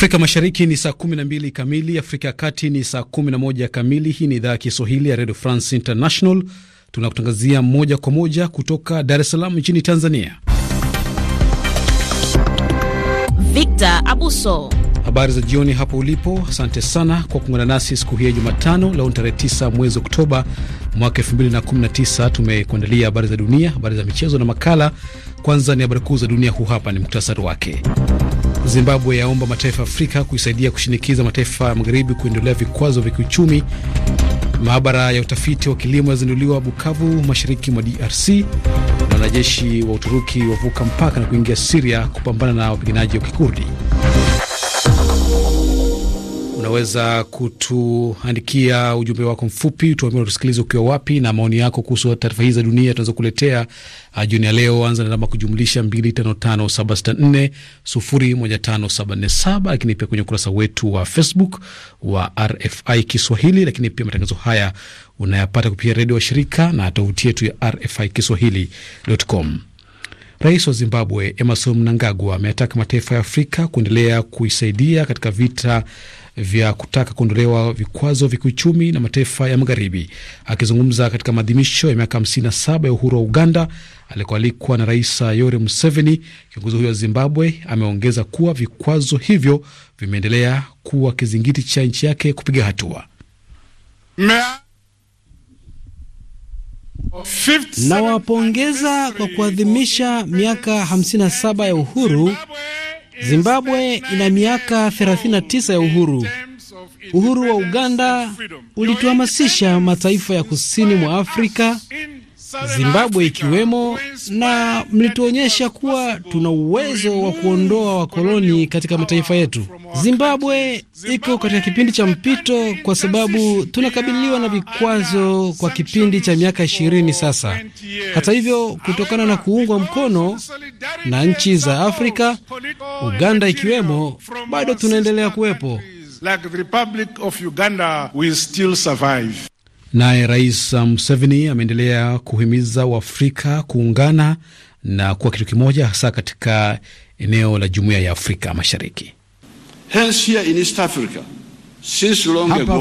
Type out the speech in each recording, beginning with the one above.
Afrika Mashariki ni saa 12 kamili, Afrika ya Kati ni saa 11 kamili. Hii ni idhaa ya Kiswahili ya Radio France International, tunakutangazia moja kwa moja kutoka Dar es Salaam nchini Tanzania. Victor Abuso, habari za jioni hapo ulipo. Asante sana kwa kuungana nasi siku hii ya Jumatano. Leo ni tarehe 9 mwezi Oktoba mwaka 2019. Tumekuandalia habari za dunia, habari za michezo na makala. Kwanza ni habari kuu za dunia, huu hapa ni muktasari wake. Zimbabwe yaomba mataifa Afrika kuisaidia kushinikiza mataifa ya magharibi kuondolea vikwazo vya kiuchumi. Maabara ya utafiti wa kilimo yazinduliwa Bukavu, mashariki mwa DRC. Na wanajeshi wa Uturuki wavuka mpaka na kuingia Siria kupambana na wapiganaji wa Kikurdi. Unaweza kutuandikia ujumbe wako mfupi, tuambie tusikilize ukiwa wapi na maoni yako kuhusu taarifa hii za dunia tunaweza kuletea ah, jioni ya leo. Anza na namba kujumlisha 255764015747, lakini pia kwenye ukurasa wetu wa Facebook wa RFI Kiswahili. Lakini pia matangazo haya unayapata kupitia redio wa shirika na tovuti yetu ya RFI Kiswahili.com. Rais wa Zimbabwe Emerson Mnangagwa ameataka mataifa ya Afrika kuendelea kuisaidia katika vita vya kutaka kuondolewa vikwazo vya kiuchumi na mataifa ya Magharibi. Akizungumza katika maadhimisho ya miaka 57 ya uhuru wa Uganda alikoalikwa na Rais Yoweri Museveni, kiongozi huyo wa Zimbabwe ameongeza kuwa vikwazo hivyo vimeendelea kuwa kizingiti cha nchi yake kupiga hatua. Nawapongeza kwa kuadhimisha miaka 57 ya uhuru Zimbabwe ina miaka 39 ya uhuru. Uhuru wa Uganda ulituhamasisha mataifa ya kusini mwa Afrika Zimbabwe ikiwemo, na mlituonyesha kuwa tuna uwezo wa kuondoa wakoloni katika mataifa yetu. Zimbabwe iko katika kipindi cha mpito kwa sababu tunakabiliwa na vikwazo kwa kipindi cha miaka ishirini sasa. Hata hivyo, kutokana na kuungwa mkono na nchi za Afrika, Uganda ikiwemo, bado tunaendelea kuwepo. Like the Republic of Uganda will still survive. Naye Rais Museveni ameendelea kuhimiza Waafrika kuungana na kuwa kitu kimoja, hasa katika eneo la Jumuiya ya Afrika Mashariki. Hapa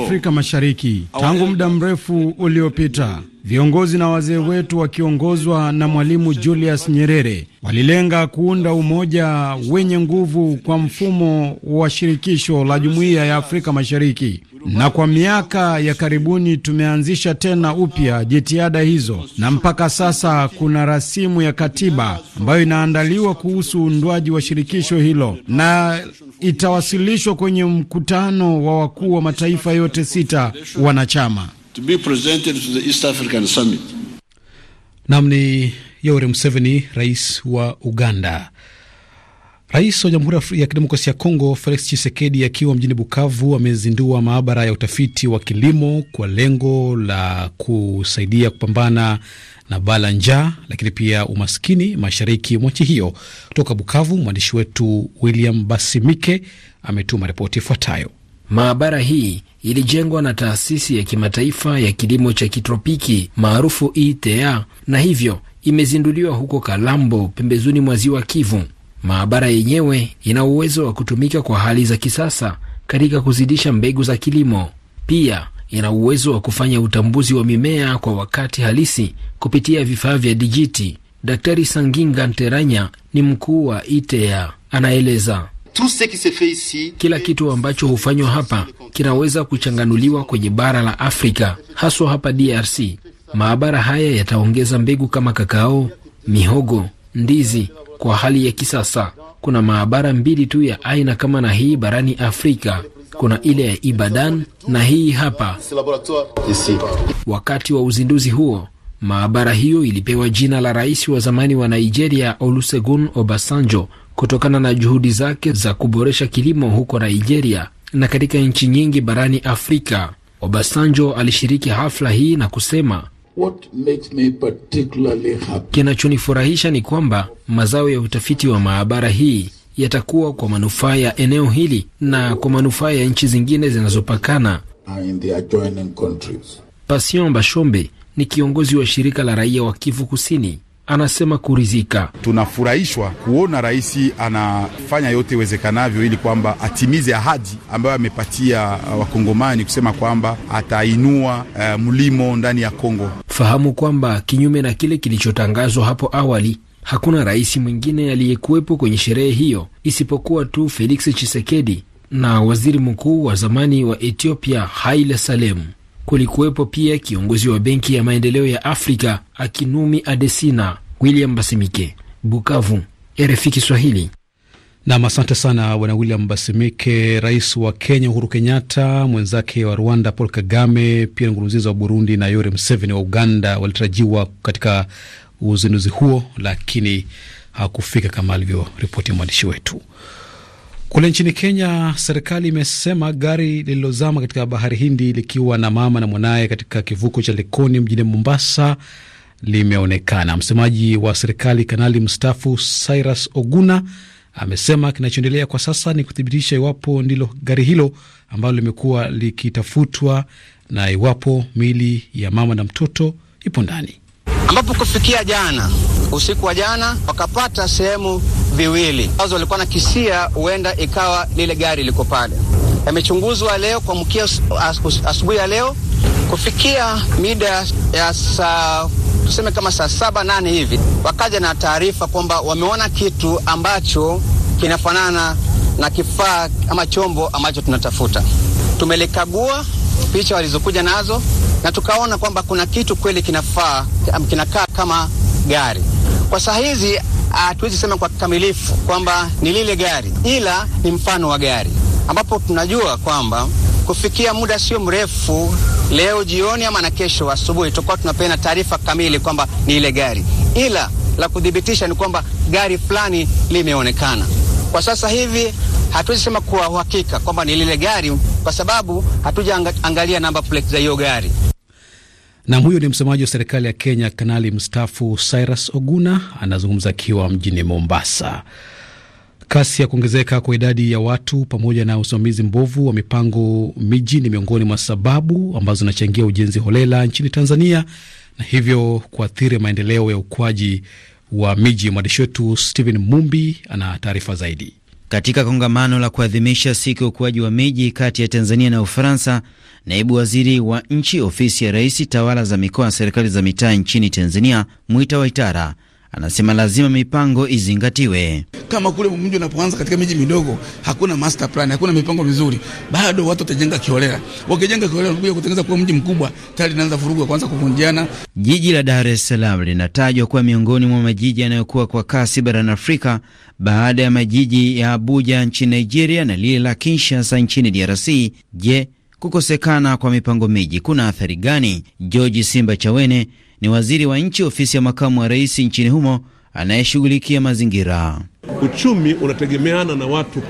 Afrika Mashariki, tangu muda mrefu uliopita viongozi na wazee wetu wakiongozwa na Mwalimu Julius Nyerere walilenga kuunda umoja wenye nguvu kwa mfumo wa shirikisho la Jumuiya ya Afrika Mashariki, na kwa miaka ya karibuni tumeanzisha tena upya jitihada hizo, na mpaka sasa kuna rasimu ya katiba ambayo inaandaliwa kuhusu uundwaji wa shirikisho hilo na itawasilishwa kwenye mkutano wa wakuu wa mataifa yote sita wanachama to be presented to the East African Summit. Nam ni Yoweri Museveni, rais wa Uganda. Rais wa Jamhuri ya Kidemokrasia ya Kongo Felix Tshisekedi akiwa mjini Bukavu amezindua maabara ya utafiti wa kilimo kwa lengo la kusaidia kupambana na baa la njaa, lakini pia umaskini mashariki mwa nchi hiyo. Kutoka Bukavu, mwandishi wetu William Basimike ametuma ripoti ifuatayo. Maabara hii ilijengwa na taasisi ya kimataifa ya kilimo cha kitropiki maarufu ITA e na hivyo imezinduliwa huko Kalambo, pembezoni mwa ziwa Kivu. Maabara yenyewe ina uwezo wa kutumika kwa hali za kisasa katika kuzidisha mbegu za kilimo. Pia ina uwezo wa kufanya utambuzi wa mimea kwa wakati halisi kupitia vifaa vya dijiti. Daktari Sanginga Nteranya ni mkuu wa ITA, e anaeleza kila kitu ambacho hufanywa hapa kinaweza kuchanganuliwa kwenye bara la Afrika, haswa hapa DRC. Maabara haya yataongeza mbegu kama kakao, mihogo, ndizi kwa hali ya kisasa. Kuna maabara mbili tu ya aina kama na hii barani Afrika. Kuna ile ya Ibadan na hii hapa. Wakati wa uzinduzi huo, maabara hiyo ilipewa jina la rais wa zamani wa Nigeria Olusegun Obasanjo kutokana na juhudi zake za kuboresha kilimo huko Nigeria na katika nchi nyingi barani Afrika. Obasanjo alishiriki hafla hii na kusema kinachonifurahisha ni kwamba mazao ya utafiti wa maabara hii yatakuwa kwa manufaa ya eneo hili na kwa manufaa ya nchi zingine zinazopakana. Pasion Bashombe ni kiongozi wa shirika la raia wa Kivu Kusini anasema kurizika. Tunafurahishwa kuona rais anafanya yote iwezekanavyo ili kwamba atimize ahadi ambayo amepatia uh, Wakongomani kusema kwamba atainua uh, mlimo ndani ya Kongo. Fahamu kwamba kinyume na kile kilichotangazwa hapo awali hakuna rais mwingine aliyekuwepo kwenye sherehe hiyo isipokuwa tu Felix Tshisekedi na waziri mkuu wa zamani wa Ethiopia Haile Salem kulikuwepo pia kiongozi wa Benki ya Maendeleo ya Afrika Akinumi Adesina. William Basimike, Bukavu, RFI Kiswahili. Nam, asante sana bwana William Basimike. Rais wa Kenya Uhuru Kenyatta, mwenzake wa Rwanda Paul Kagame, pia Nkurunziza wa Burundi na Yoweri Museveni wa Uganda walitarajiwa katika uzinduzi huo, lakini hakufika kama alivyoripoti mwandishi wetu. Kule nchini Kenya, serikali imesema gari lililozama katika bahari Hindi likiwa na mama na mwanaye katika kivuko cha Likoni mjini Mombasa limeonekana. Msemaji wa serikali, kanali mstaafu Cyrus Oguna, amesema kinachoendelea kwa sasa ni kuthibitisha iwapo ndilo gari hilo ambalo limekuwa likitafutwa na iwapo miili ya mama na mtoto ipo ndani ambapo kufikia jana usiku wa jana wakapata sehemu viwili ambazo walikuwa na kisia huenda ikawa lile gari liko pale. Yamechunguzwa leo kwa mkia asubuhi ya leo kufikia mida ya saa tuseme kama saa saba nane hivi, wakaja na taarifa kwamba wameona kitu ambacho kinafanana na kifaa ama chombo ambacho tunatafuta. Tumelikagua picha walizokuja nazo, na tukaona kwamba kuna kitu kweli kinafaa kinakaa kama gari. Kwa saa hizi ah, hatuwezi sema kwa kikamilifu kwamba ni lile gari, ila ni mfano wa gari, ambapo tunajua kwamba kufikia muda sio mrefu, leo jioni ama na kesho asubuhi, tutakuwa tunapeana taarifa kamili kwamba ni ile gari, ila la kuthibitisha ni kwamba gari fulani limeonekana. Kwa sasa hivi hatuwezi sema kwa uhakika kwamba ni lile gari, kwa sababu hatujaangalia namba plate za hiyo gari. Na huyo ni msemaji wa serikali ya Kenya, Kanali mstaafu Cyrus Oguna, anazungumza akiwa mjini Mombasa. Kasi ya kuongezeka kwa idadi ya watu pamoja na usimamizi mbovu wa mipango miji ni miongoni mwa sababu ambazo zinachangia ujenzi holela nchini Tanzania na hivyo kuathiri maendeleo ya ukuaji wa miji. Mwandishi wetu Stephen Mumbi ana taarifa zaidi. Katika kongamano la kuadhimisha siku ya ukuaji wa miji kati ya Tanzania na Ufaransa, naibu waziri wa nchi ofisi ya rais tawala za mikoa na serikali za mitaa nchini Tanzania Mwita Waitara anasema lazima mipango izingatiwe. Kama kule mji unapoanza katika miji midogo, hakuna master plan, hakuna mipango mizuri, bado watu watajenga kiholela. Wakijenga kiholela, kuja kutengeneza kuwa mji mkubwa, tayari inaanza vurugu, kuanza kuvunjiana. Jiji la Dar es Salaam linatajwa kuwa miongoni mwa majiji yanayokuwa kwa kasi barani Afrika baada ya majiji ya Abuja nchini Nigeria na lile la Kinshasa nchini DRC. Je, kukosekana kwa mipango miji kuna athari gani? George Simba Chawene ni waziri wa nchi ofisi ya makamu wa rais nchini humo anayeshughulikia mazingira. Uchumi unategemeana na watu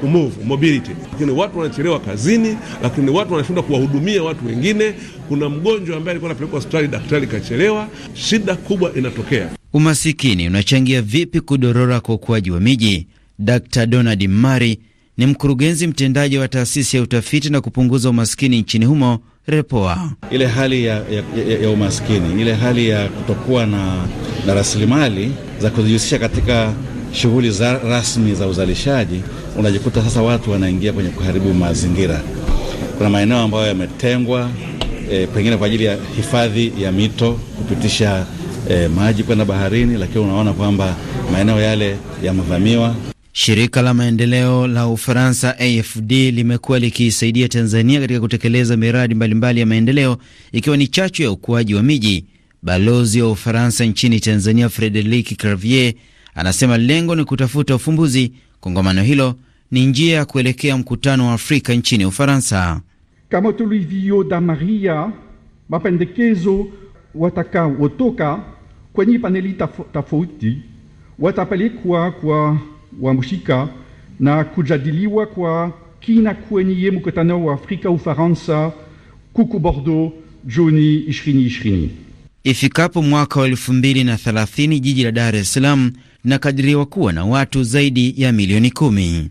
kumuvu mobility, lakini watu wanachelewa kazini, lakini watu wanashindwa kuwahudumia watu wengine. Kuna mgonjwa ambaye alikuwa anapelekwa hospitali, daktari ikachelewa Shida kubwa inatokea. Umasikini unachangia vipi kudorora kwa ukuaji wa miji? d Donald Mari ni mkurugenzi mtendaji wa taasisi ya utafiti na kupunguza umasikini nchini humo Repoa. Ile hali ya, ya, ya, ya umaskini, ile hali ya kutokuwa na, na rasilimali za kujihusisha katika shughuli za rasmi za uzalishaji, unajikuta sasa watu wanaingia kwenye kuharibu mazingira. Kuna maeneo ambayo yametengwa e, pengine kwa ajili ya hifadhi ya mito kupitisha e, maji kwenda baharini, lakini unaona kwamba maeneo yale yamevamiwa. Shirika la maendeleo la Ufaransa AFD limekuwa likiisaidia Tanzania katika kutekeleza miradi mbalimbali ya maendeleo ikiwa ni chachu ya ukuaji wa miji. Balozi wa Ufaransa nchini Tanzania Frederik cravier anasema lengo ni kutafuta ufumbuzi. Kongamano hilo ni njia ya kuelekea mkutano wa Afrika nchini Ufaransa. Kama tulivyo damaria mapendekezo watakaotoka kwenye paneli tofauti watapelekwa kwa wa mushika na kujadiliwa kwa kina kwenye mkutano wa Afrika Ufaransa kuku Bordeaux Juni 2020. Ifikapo mwaka wa 2030 jiji la Dar es Salaam linakadiriwa kuwa na watu zaidi ya milioni kumi.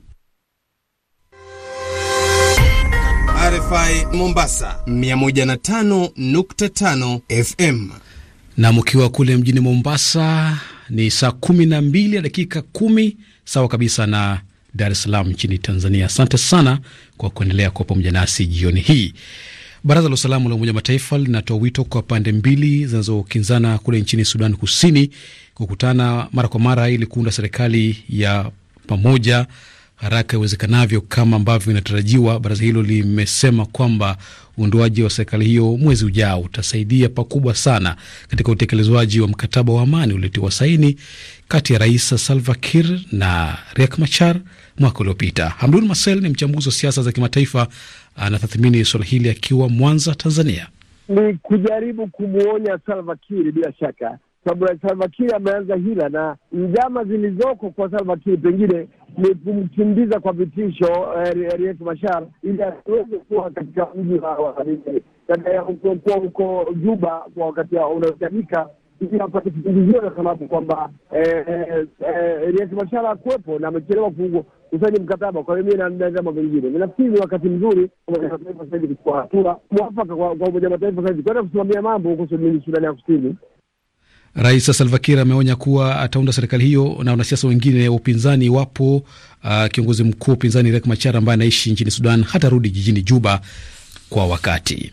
RFI Mombasa 105.5 FM. Na mkiwa kule mjini Mombasa ni saa kumi na dakika kumi sawa kabisa na Dar es Salaam nchini Tanzania. Asante sana kwa kuendelea kuwa pamoja nasi jioni hii. Baraza la Usalama la Umoja wa Mataifa linatoa wito kwa pande mbili zinazokinzana kule nchini Sudan Kusini kukutana mara kwa mara ili kuunda serikali ya pamoja haraka iwezekanavyo kama ambavyo inatarajiwa. Baraza hilo limesema kwamba uundoaji wa serikali hiyo mwezi ujao utasaidia pakubwa sana katika utekelezwaji wa mkataba wa amani uliotiwa saini kati ya Rais Salva Kiir na Riek Machar mwaka uliopita. Hamdun Masel ni mchambuzi wa siasa za kimataifa, anatathmini suala hili akiwa Mwanza, Tanzania. Ni kujaribu kumwonya Salva Kiir bila shaka sababu Salva Kiir ameanza hila na njama zilizoko kwa Salva Kiir pengine ni kumkimbiza kwa vitisho Riek Machar ili asiweze kuwa katika mji wa huko Juba kwa wakati unaohitajika hivi kisingizio na sababu kwamba eh, eh, eh, Riek Machar hakuwepo na amechelewa kusaini mkataba. Kwa hiyo mimi na vyama vingine, nafikiri ni wakati mzuri Umoja wa Mataifa sasa hivi kuchukua hatua mwafaka kwa Umoja wa Mataifa sasa hivi kwenda kusimamia mambo huko Sudani ya Kusini. Rais Salva Kiir ameonya kuwa ataunda serikali hiyo na wanasiasa wengine wa upinzani iwapo uh, kiongozi mkuu wa upinzani Riek Machar ambaye anaishi nchini Sudan hatarudi jijini Juba kwa wakati.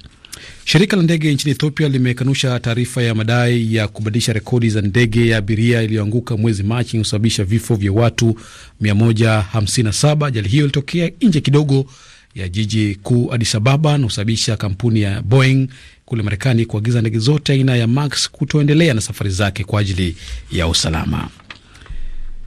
Shirika la ndege nchini Ethiopia limekanusha taarifa ya madai ya kubadilisha rekodi za ndege ya abiria iliyoanguka mwezi Machi kusababisha vifo vya watu 157. Ajali hiyo ilitokea nje kidogo ya jiji kuu Addis Ababa na kusababisha kampuni ya Boeing kule Marekani kuagiza ndege zote aina ya Max kutoendelea na safari zake kwa ajili ya usalama.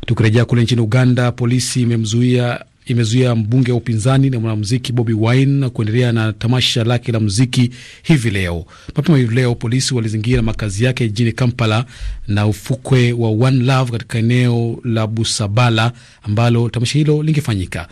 Tukirejea kule nchini Uganda, polisi imemzuia imezuia mbunge wa upinzani na mwanamuziki Bobi Wine kuendelea na tamasha lake la muziki hivi leo. Mapema hivi leo polisi walizingira makazi yake jijini Kampala na ufukwe wa One Love katika eneo la Busabala ambalo tamasha hilo lingefanyika.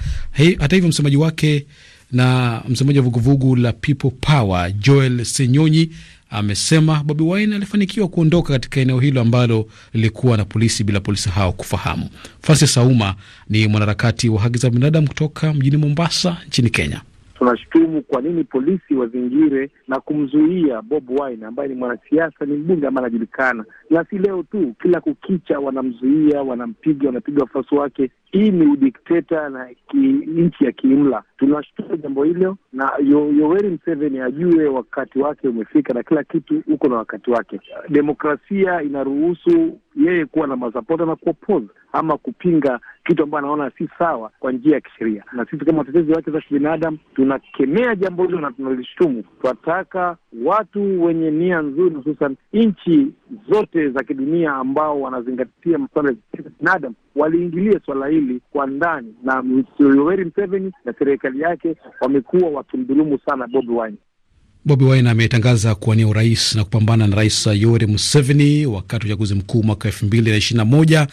Hata hivyo, msemaji wake na msemaji wa vuguvugu la People Power Joel Senyonyi amesema Bobi Wine alifanikiwa kuondoka katika eneo hilo ambalo lilikuwa na polisi bila polisi hao kufahamu. Francis Auma ni mwanaharakati wa haki za binadamu kutoka mjini Mombasa nchini Kenya tunashutumu kwa nini polisi wazingire na kumzuia Bob Wine ambaye ni mwanasiasa, ni mbunge ambaye anajulikana, na si leo tu, kila kukicha wanamzuia, wanampiga, wanapiga wafuasi wake. Hii ni udikteta na nchi ya kiimla. Tunashutumu jambo hilo, na Yoweri Museveni ajue wakati wake umefika, na kila kitu uko na wakati wake. Demokrasia inaruhusu yeye kuwa na masapota na kuopoza ama kupinga kitu ambayo anaona si sawa kwa njia ya kisheria, na sisi kama watetezi wa haki za kibinadamu tunakemea jambo hilo na tunalishtumu. Twataka watu wenye nia nzuri, hususan nchi zote za kidunia ambao wanazingatia masuala ya binadamu waliingilia swala hili kwa ndani, na Yoweri Museveni na serikali yake wamekuwa wakimdhulumu sana Bobi Wine. Bobi Wine ametangaza kuwania urais na kupambana na Rais Yoweri Museveni wakati wa uchaguzi mkuu mwaka elfu mbili na ishirini na moja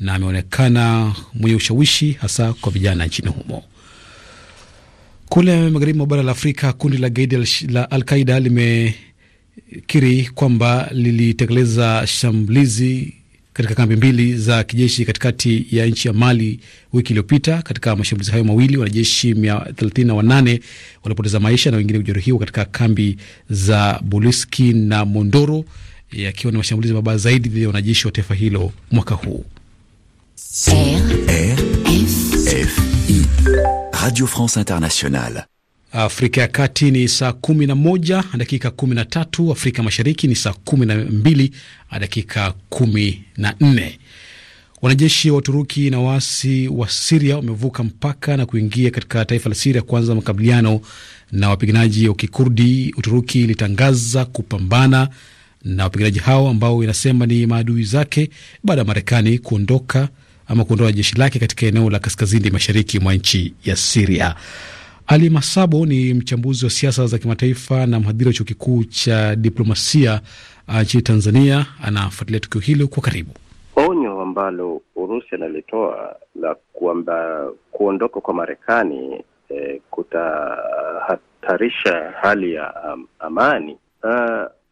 na ameonekana mwenye ushawishi hasa kwa vijana nchini humo. Kule magharibi mwa bara la Afrika, kundi la gaidi la Alqaida limekiri kwamba lilitekeleza shambulizi katika kambi mbili za kijeshi katikati ya nchi ya Mali wiki iliyopita. Katika mashambulizi hayo mawili, wanajeshi 38 walipoteza maisha na wengine kujeruhiwa katika kambi za Buliski na Mondoro, yakiwa ni mashambulizi mabaya zaidi dhidi ya wanajeshi wa taifa hilo mwaka huu. I. Radio France Internationale. Afrika ya Kati ni saa kumi na dakika tatu. Afrika Mashariki ni saa kumi na dakika na nne. Wanajeshi wa Uturuki na waasi wa Siria wamevuka mpaka na kuingia katika taifa la Siria kuanza makabiliano na wapiganaji wa Kikurdi. Uturuki ilitangaza kupambana na wapiganaji hao ambao inasema ni maadui zake baada ya Marekani kuondoka ama kuondoa jeshi lake katika eneo la kaskazini mashariki mwa nchi ya Siria. Ali Masabo ni mchambuzi wa siasa za kimataifa na mhadhiri wa chuo kikuu cha diplomasia uh, nchini Tanzania. Anafuatilia tukio hilo kwa karibu. Onyo ambalo Urusi analitoa la kwamba kuondoka kwa Marekani e, kutahatarisha hali ya am, um, amani uh,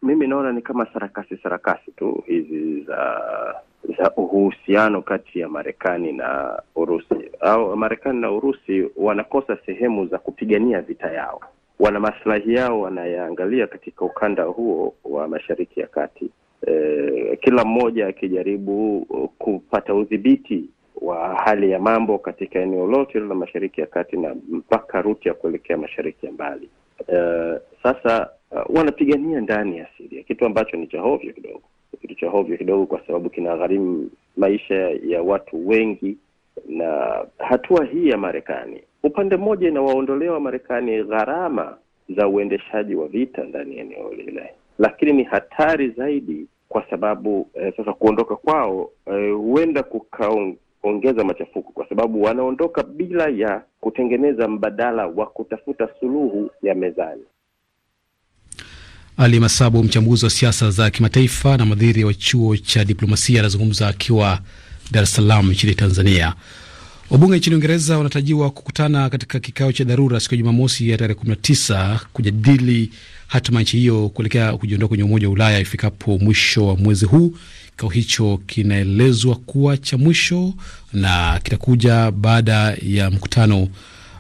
mimi naona ni kama sarakasi sarakasi tu hizi za za uhusiano kati ya Marekani na Urusi au Marekani na Urusi wanakosa sehemu za kupigania vita yao, wana maslahi yao wanayaangalia katika ukanda huo wa Mashariki ya Kati. E, kila mmoja akijaribu e, kupata udhibiti wa hali ya mambo katika eneo lote la Mashariki ya Kati na mpaka ruti ya kuelekea mashariki ya mbali. E, sasa e, wanapigania ndani ya siria kitu ambacho ni cha hovyo kidogo cha hovyo kidogo, kwa sababu kinagharimu maisha ya watu wengi. Na hatua hii ya Marekani upande mmoja inawaondolea Wamarekani gharama za uendeshaji wa vita ndani ya eneo lile, lakini ni hatari zaidi kwa sababu eh, sasa kuondoka kwao eh, huenda eh, kukaongeza machafuko, kwa sababu wanaondoka bila ya kutengeneza mbadala wa kutafuta suluhu ya mezani. Ali Masabu, mchambuzi wa siasa za kimataifa na mhadhiri wa chuo cha diplomasia, anazungumza akiwa Dar es Salaam nchini Tanzania. Wabunge nchini Uingereza wanatarajiwa kukutana katika kikao cha dharura siku ya Jumamosi ya tarehe 19 kujadili hatima nchi hiyo kuelekea kujiondoa kwenye Umoja wa Ulaya ifikapo mwisho wa mwezi huu. Kikao hicho kinaelezwa kuwa cha mwisho na kitakuja baada ya mkutano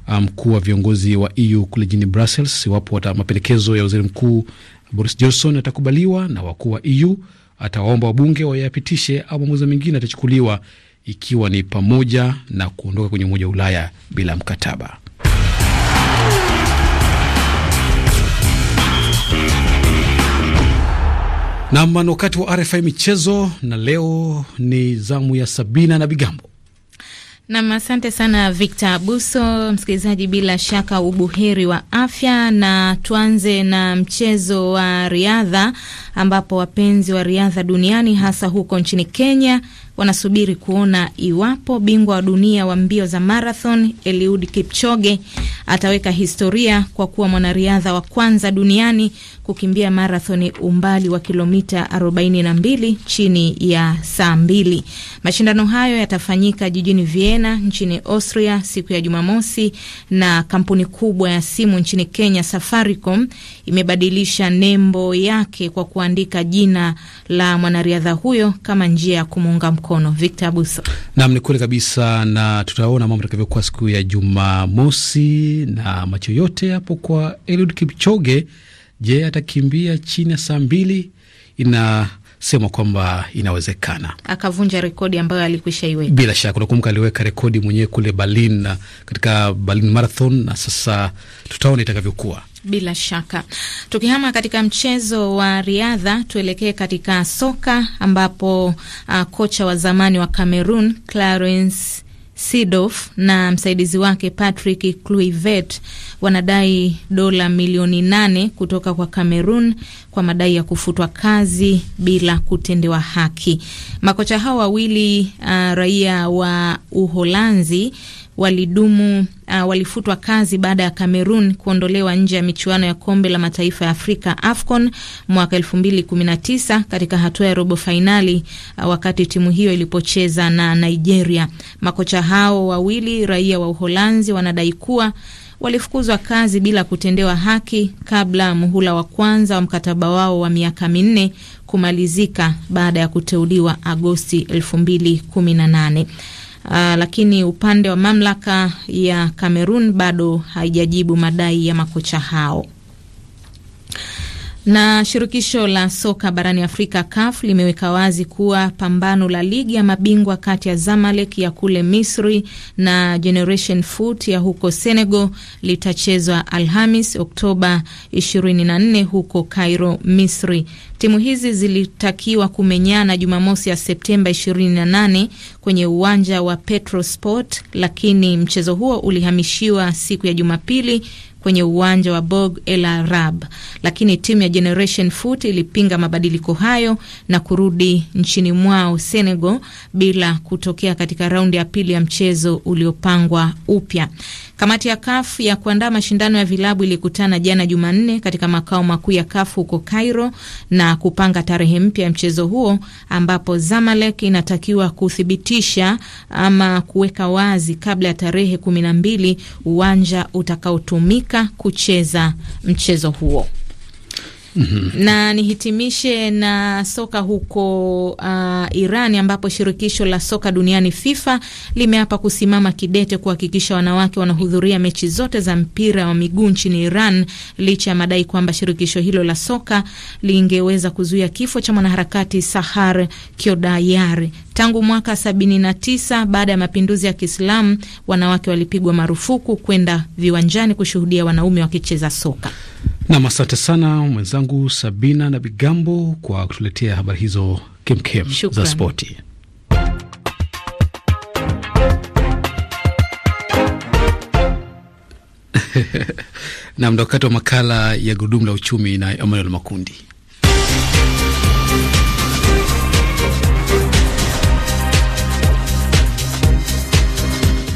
um, mkuu um, wa viongozi wa EU kule jijini Brussels, iwapo mapendekezo ya waziri mkuu Boris Johnson atakubaliwa na wakuu wa EU, atawaomba wabunge wayapitishe au maamuzi mengine atachukuliwa, ikiwa ni pamoja na kuondoka kwenye Umoja wa Ulaya bila mkataba. Nam, wakati wa RFI michezo, na leo ni zamu ya Sabina na Bigambo. Nam, asante sana Victor Abuso. Msikilizaji, bila shaka ubuheri wa afya, na tuanze na mchezo wa riadha ambapo wapenzi wa riadha duniani hasa huko nchini Kenya wanasubiri kuona iwapo bingwa wa dunia wa mbio za marathon Eliud Kipchoge ataweka historia kwa kuwa mwanariadha wa kwanza duniani kukimbia marathoni umbali wa kilomita 42 chini ya saa mbili. Mashindano hayo yatafanyika jijini Vienna nchini Austria siku ya Jumamosi, na kampuni kubwa ya simu nchini Kenya Safaricom imebadilisha nembo yake kwa kuandika jina la mwanariadha huyo kama njia ya kumuunga mkono. Victor Abuso. Naam, ni kweli kabisa, na tutaona mambo takavyokuwa siku ya Jumamosi na macho yote yapo kwa Eliud Kipchoge. Je, atakimbia chini ya saa mbili? Inasemwa kwamba inawezekana akavunja rekodi ambayo alikwisha iweka. Bila shaka unakumbuka, aliweka rekodi mwenyewe kule Berlin katika Berlin Marathon, na sasa tutaona itakavyokuwa. Bila shaka tukihama katika mchezo wa riadha, tuelekee katika soka ambapo uh, kocha wa zamani wa Cameroon Clarence Sidof na msaidizi wake Patrick kluivet wanadai dola milioni nane kutoka kwa Cameroon kwa madai ya kufutwa kazi bila kutendewa haki. Makocha hao wawili uh, raia wa Uholanzi walidumu uh, walifutwa kazi baada ya Cameroon kuondolewa nje ya michuano ya kombe la mataifa ya Afrika AFCON mwaka 2019 katika hatua ya robo fainali uh, wakati timu hiyo ilipocheza na Nigeria. Makocha hao wawili raia wa Uholanzi wanadai kuwa walifukuzwa kazi bila kutendewa haki kabla muhula wa kwanza wa mkataba wao wa miaka minne kumalizika baada ya kuteuliwa Agosti 2018. Uh, lakini upande wa mamlaka ya Kamerun bado haijajibu madai ya makocha hao. Na shirikisho la soka barani Afrika CAF limeweka wazi kuwa pambano la ligi ya mabingwa kati ya Zamalek ya kule Misri na Generation Foot ya huko Senegal litachezwa Alhamis Oktoba 24 huko Cairo, Misri. Timu hizi zilitakiwa kumenyana Jumamosi ya Septemba 28 kwenye uwanja wa Petrosport, lakini mchezo huo ulihamishiwa siku ya Jumapili kwenye uwanja wa Borg El Arab, lakini timu ya Generation Foot ilipinga mabadiliko hayo na kurudi nchini mwao Senegal bila kutokea katika raundi ya pili ya mchezo uliopangwa upya. Kamati ya CAF ya kuandaa mashindano ya vilabu ilikutana jana Jumanne katika makao makuu ya CAF huko Cairo na kupanga tarehe mpya ya mchezo huo ambapo Zamalek inatakiwa kuthibitisha ama kuweka wazi kabla ya tarehe kumi na mbili uwanja utakaotumika kucheza mchezo huo. Mm-hmm. Na nihitimishe na soka huko uh, Iran ambapo shirikisho la soka duniani FIFA limeapa kusimama kidete kuhakikisha wanawake wanahudhuria mechi zote za mpira wa miguu nchini Iran licha ya madai kwamba shirikisho hilo la soka lingeweza kuzuia kifo cha mwanaharakati Sahar Kyodayar. Tangu mwaka 79 baada ya mapinduzi ya Kiislamu, wanawake walipigwa marufuku kwenda viwanjani kushuhudia wanaume wakicheza soka. Nam, asante sana mwenzangu Sabina na Bigambo kwa kutuletea habari hizo kemkem za spoti. Nam, na wakati wa makala ya gurudumu la uchumi na Emmanuel Makundi.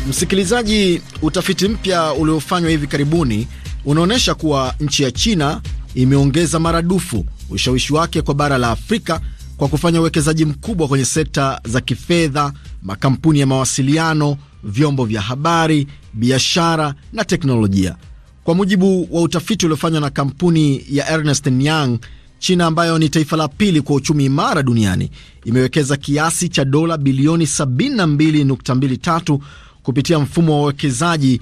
Msikilizaji, utafiti mpya uliofanywa hivi karibuni unaonyesha kuwa nchi ya China imeongeza maradufu ushawishi wake kwa bara la Afrika kwa kufanya uwekezaji mkubwa kwenye sekta za kifedha, makampuni ya mawasiliano, vyombo vya habari, biashara na teknolojia. Kwa mujibu wa utafiti uliofanywa na kampuni ya Ernst and Young, China ambayo ni taifa la pili kwa uchumi imara duniani imewekeza kiasi cha dola bilioni 72.23 kupitia mfumo wa uwekezaji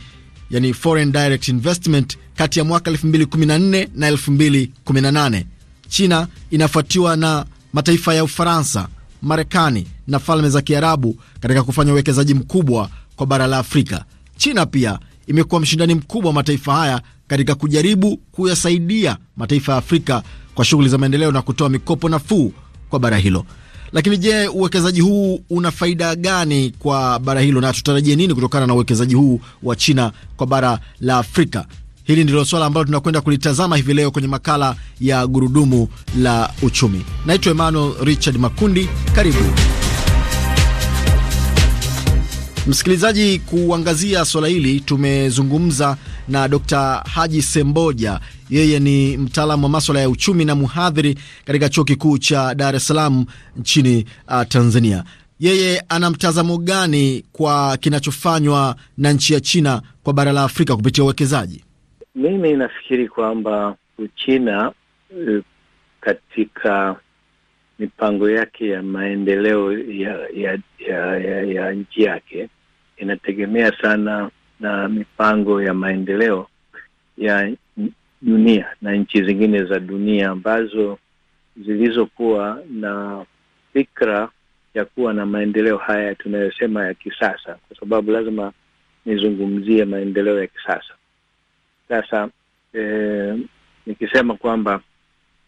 yani foreign direct investment kati ya mwaka 2014 na 2018. China inafuatiwa na mataifa ya Ufaransa, Marekani na Falme za Kiarabu katika kufanya uwekezaji mkubwa kwa bara la Afrika. China pia imekuwa mshindani mkubwa wa mataifa haya katika kujaribu kuyasaidia mataifa ya Afrika kwa shughuli za maendeleo na kutoa mikopo nafuu kwa bara hilo. Lakini je, uwekezaji huu una faida gani kwa bara hilo na tutarajie nini kutokana na uwekezaji huu wa China kwa bara la Afrika? Hili ndilo swala ambalo tunakwenda kulitazama hivi leo kwenye makala ya gurudumu la uchumi. Naitwa Emmanuel Richard Makundi, karibu msikilizaji. Kuangazia swala hili tumezungumza na Dr. Haji Semboja yeye ni mtaalamu wa maswala ya uchumi na mhadhiri katika chuo kikuu cha Dar es Salaam nchini uh, Tanzania. Yeye ana mtazamo gani kwa kinachofanywa na nchi ya China kwa bara la Afrika kupitia uwekezaji? Mimi nafikiri kwamba Uchina eh, katika mipango yake ya maendeleo ya, ya, ya, ya, ya nchi yake inategemea sana na mipango ya maendeleo ya dunia na nchi zingine za dunia ambazo zilizokuwa na fikra ya kuwa na maendeleo haya tunayosema ya kisasa, kwa sababu lazima nizungumzie maendeleo ya kisasa. Sasa eh, nikisema kwamba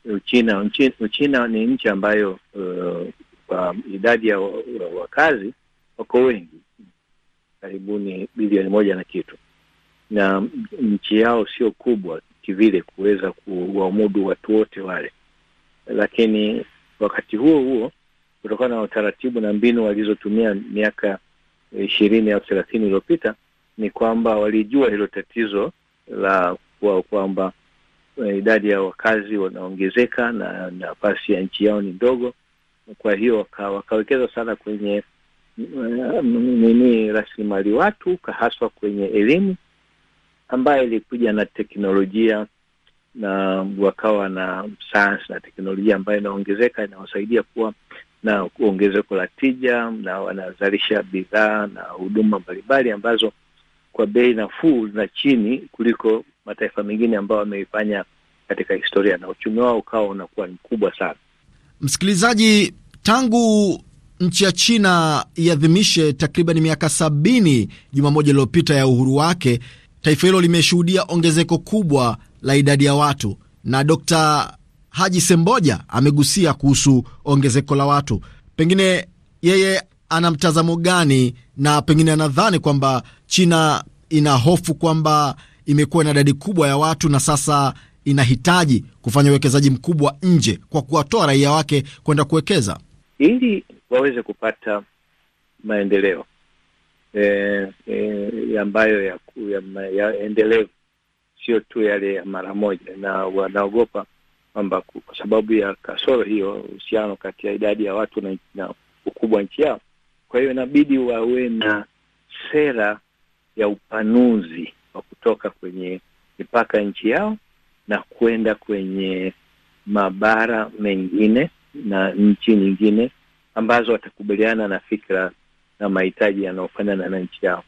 Uchina, Uchina, Uchina ni nchi ambayo uh, kwa idadi ya wakazi wako wengi karibuni bilioni moja na kitu, na nchi yao sio kubwa, kivile kuweza kuwamudu watu wote wale, lakini wakati huo huo, kutokana na utaratibu na mbinu walizotumia miaka ishirini au thelathini iliyopita, ni kwamba walijua hilo tatizo la kuwa kwamba eh, idadi ya wakazi wanaongezeka na nafasi ya nchi yao ni ndogo. Kwa hiyo waka, wakawekeza sana kwenye eh, nini, rasilimali watu, haswa kwenye elimu ambayo ilikuja na teknolojia na wakawa na sayansi na teknolojia ambayo inaongezeka inawasaidia kuwa na ongezeko la tija, na wanazalisha bidhaa na huduma mbalimbali ambazo kwa bei nafuu na chini kuliko mataifa mengine ambayo wameifanya katika historia, na uchumi wao ukawa unakuwa ni mkubwa sana. Msikilizaji, tangu nchi ya China iadhimishe takriban miaka sabini juma moja iliyopita ya uhuru wake taifa hilo limeshuhudia ongezeko kubwa la idadi ya watu, na d Haji Semboja amegusia kuhusu ongezeko la watu, pengine yeye ana mtazamo gani, na pengine anadhani kwamba China ina hofu kwamba imekuwa na idadi kubwa ya watu na sasa inahitaji kufanya uwekezaji mkubwa nje kwa kuwatoa raia wake kwenda kuwekeza ili waweze kupata maendeleo eh, eh, ambayo ya, ya, ya endelevu, sio tu yale ya mara moja, na wanaogopa kwamba kwa sababu ya kasoro hiyo, uhusiano kati ya idadi ya watu na, na ukubwa nchi yao, kwa hiyo inabidi wawe na sera ya upanuzi wa kutoka kwenye mipaka nchi yao na kwenda kwenye mabara mengine na nchi nyingine ambazo watakubaliana na fikra na mahitaji yanayofanana na nchi yao.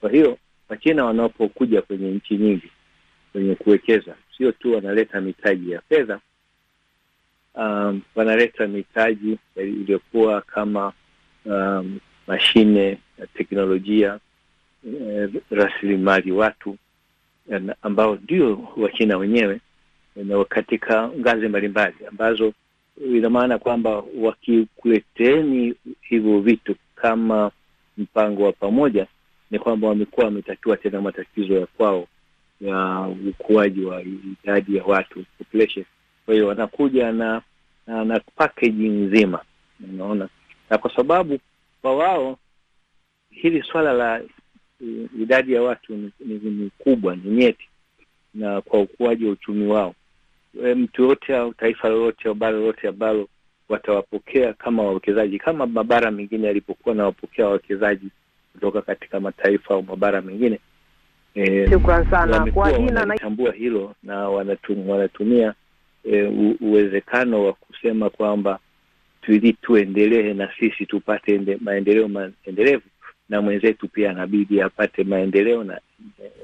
Kwa hiyo Wachina wanapokuja kwenye nchi nyingi kwenye kuwekeza, sio tu wanaleta mitaji ya fedha um, wanaleta mitaji iliyokuwa kama um, mashine na teknolojia eh, rasilimali watu na ambao ndio Wachina wenyewe na katika ngazi mbalimbali ambazo ina maana kwamba wakikuleteni hivyo vitu kama mpango wa pamoja, ni kwamba wamekuwa wametatua tena matatizo ya kwao ya ukuaji wa idadi ya watu population. Kwa hiyo wanakuja na na, na package nzima, unaona, na kwa sababu kwa wao hili swala la idadi ya watu ni, ni, ni kubwa, ni nyeti na kwa ukuaji wa uchumi wao. Mtu yoyote au taifa lolote au bara lolote ambalo watawapokea kama wawekezaji, kama mabara mengine yalipokuwa nawapokea wawekezaji kutoka katika mataifa au mabara mengine. E, sana kwa hilo na wanatum, wanatumia e, u, uwezekano wa kusema kwamba tuili tuendelee na sisi tupate ende, maendeleo maendelevu na mwenzetu pia anabidi apate maendeleo na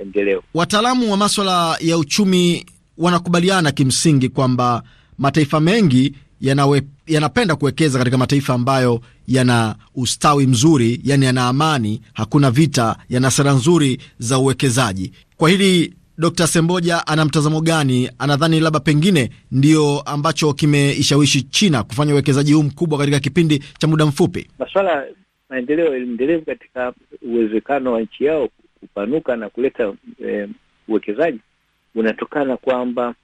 endeleo. Wataalamu wa maswala ya uchumi wanakubaliana kimsingi kwamba mataifa mengi yanapenda yanapenda kuwekeza katika mataifa ambayo yana ustawi mzuri, yani yana amani, hakuna vita, yana sera nzuri za uwekezaji. Kwa hili Dr. Semboja ana mtazamo gani? Anadhani labda pengine ndiyo ambacho kimeishawishi China kufanya uwekezaji huu mkubwa katika kipindi cha muda mfupi. Masuala maendeleo endelevu katika uwezekano wa nchi yao kupanuka na kuleta e, uwekezaji unatokana kwamba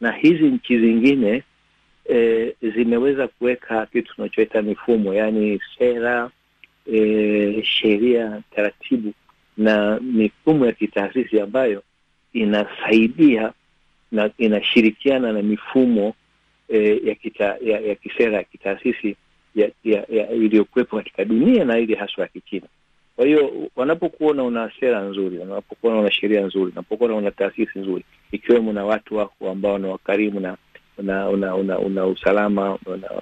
na hizi nchi zingine e, zimeweza kuweka kitu tunachoita mifumo, yaani sera e, sheria, taratibu na mifumo ya kitaasisi ambayo inasaidia na inashirikiana na mifumo e, ya, kita, ya, ya kisera ya kitaasisi ya, ya, ya iliyokuwepo katika dunia na ile haswa ya Kichina. Kwa hiyo wanapokuona una sera nzuri, wanapokuona una sheria nzuri, wanapokuona una taasisi nzuri, ikiwemo na watu wako ambao ni wakarimu na una, una, una, una usalama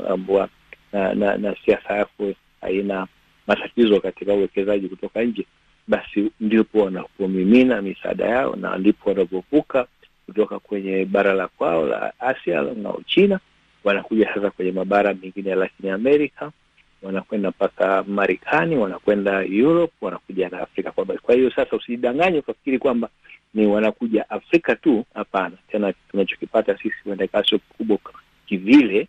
ambao na, na, na siasa yako haina matatizo katika uwekezaji kutoka nje, basi ndipo wanapomimina misaada yao na ndipo wanapovuka kutoka kwenye bara la kwao la Asia na Uchina, wanakuja sasa kwenye mabara mengine ya Latini Amerika, wanakwenda mpaka Marekani, wanakwenda Europe, wanakuja na Afrika kwa Kwa hiyo sasa usijidanganye ukafikiri kwamba ni wanakuja Afrika tu? Hapana, tena tunachokipata sisi huenda ikawa sio kikubwa kivile,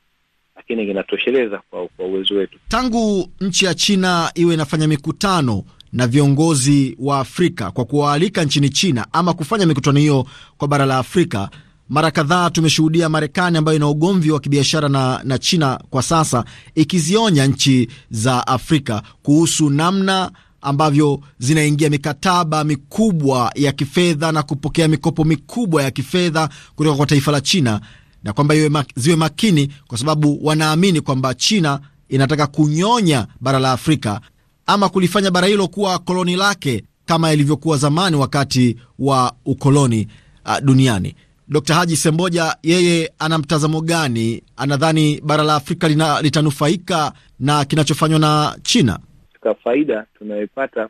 lakini kinatosheleza kwa, kwa uwezo wetu. Tangu nchi ya China iwe inafanya mikutano na viongozi wa Afrika kwa kuwaalika nchini China ama kufanya mikutano hiyo kwa bara la Afrika, mara kadhaa tumeshuhudia Marekani ambayo ina ugomvi wa kibiashara na, na China kwa sasa ikizionya nchi za Afrika kuhusu namna ambavyo zinaingia mikataba mikubwa ya kifedha na kupokea mikopo mikubwa ya kifedha kutoka kwa taifa la China, na kwamba ziwe makini, kwa sababu wanaamini kwamba China inataka kunyonya bara la Afrika ama kulifanya bara hilo kuwa koloni lake kama ilivyokuwa zamani wakati wa ukoloni uh, duniani. Dkt Haji Semboja, yeye ana mtazamo gani? Anadhani bara la Afrika lina, litanufaika na kinachofanywa na China? katika faida tunayoipata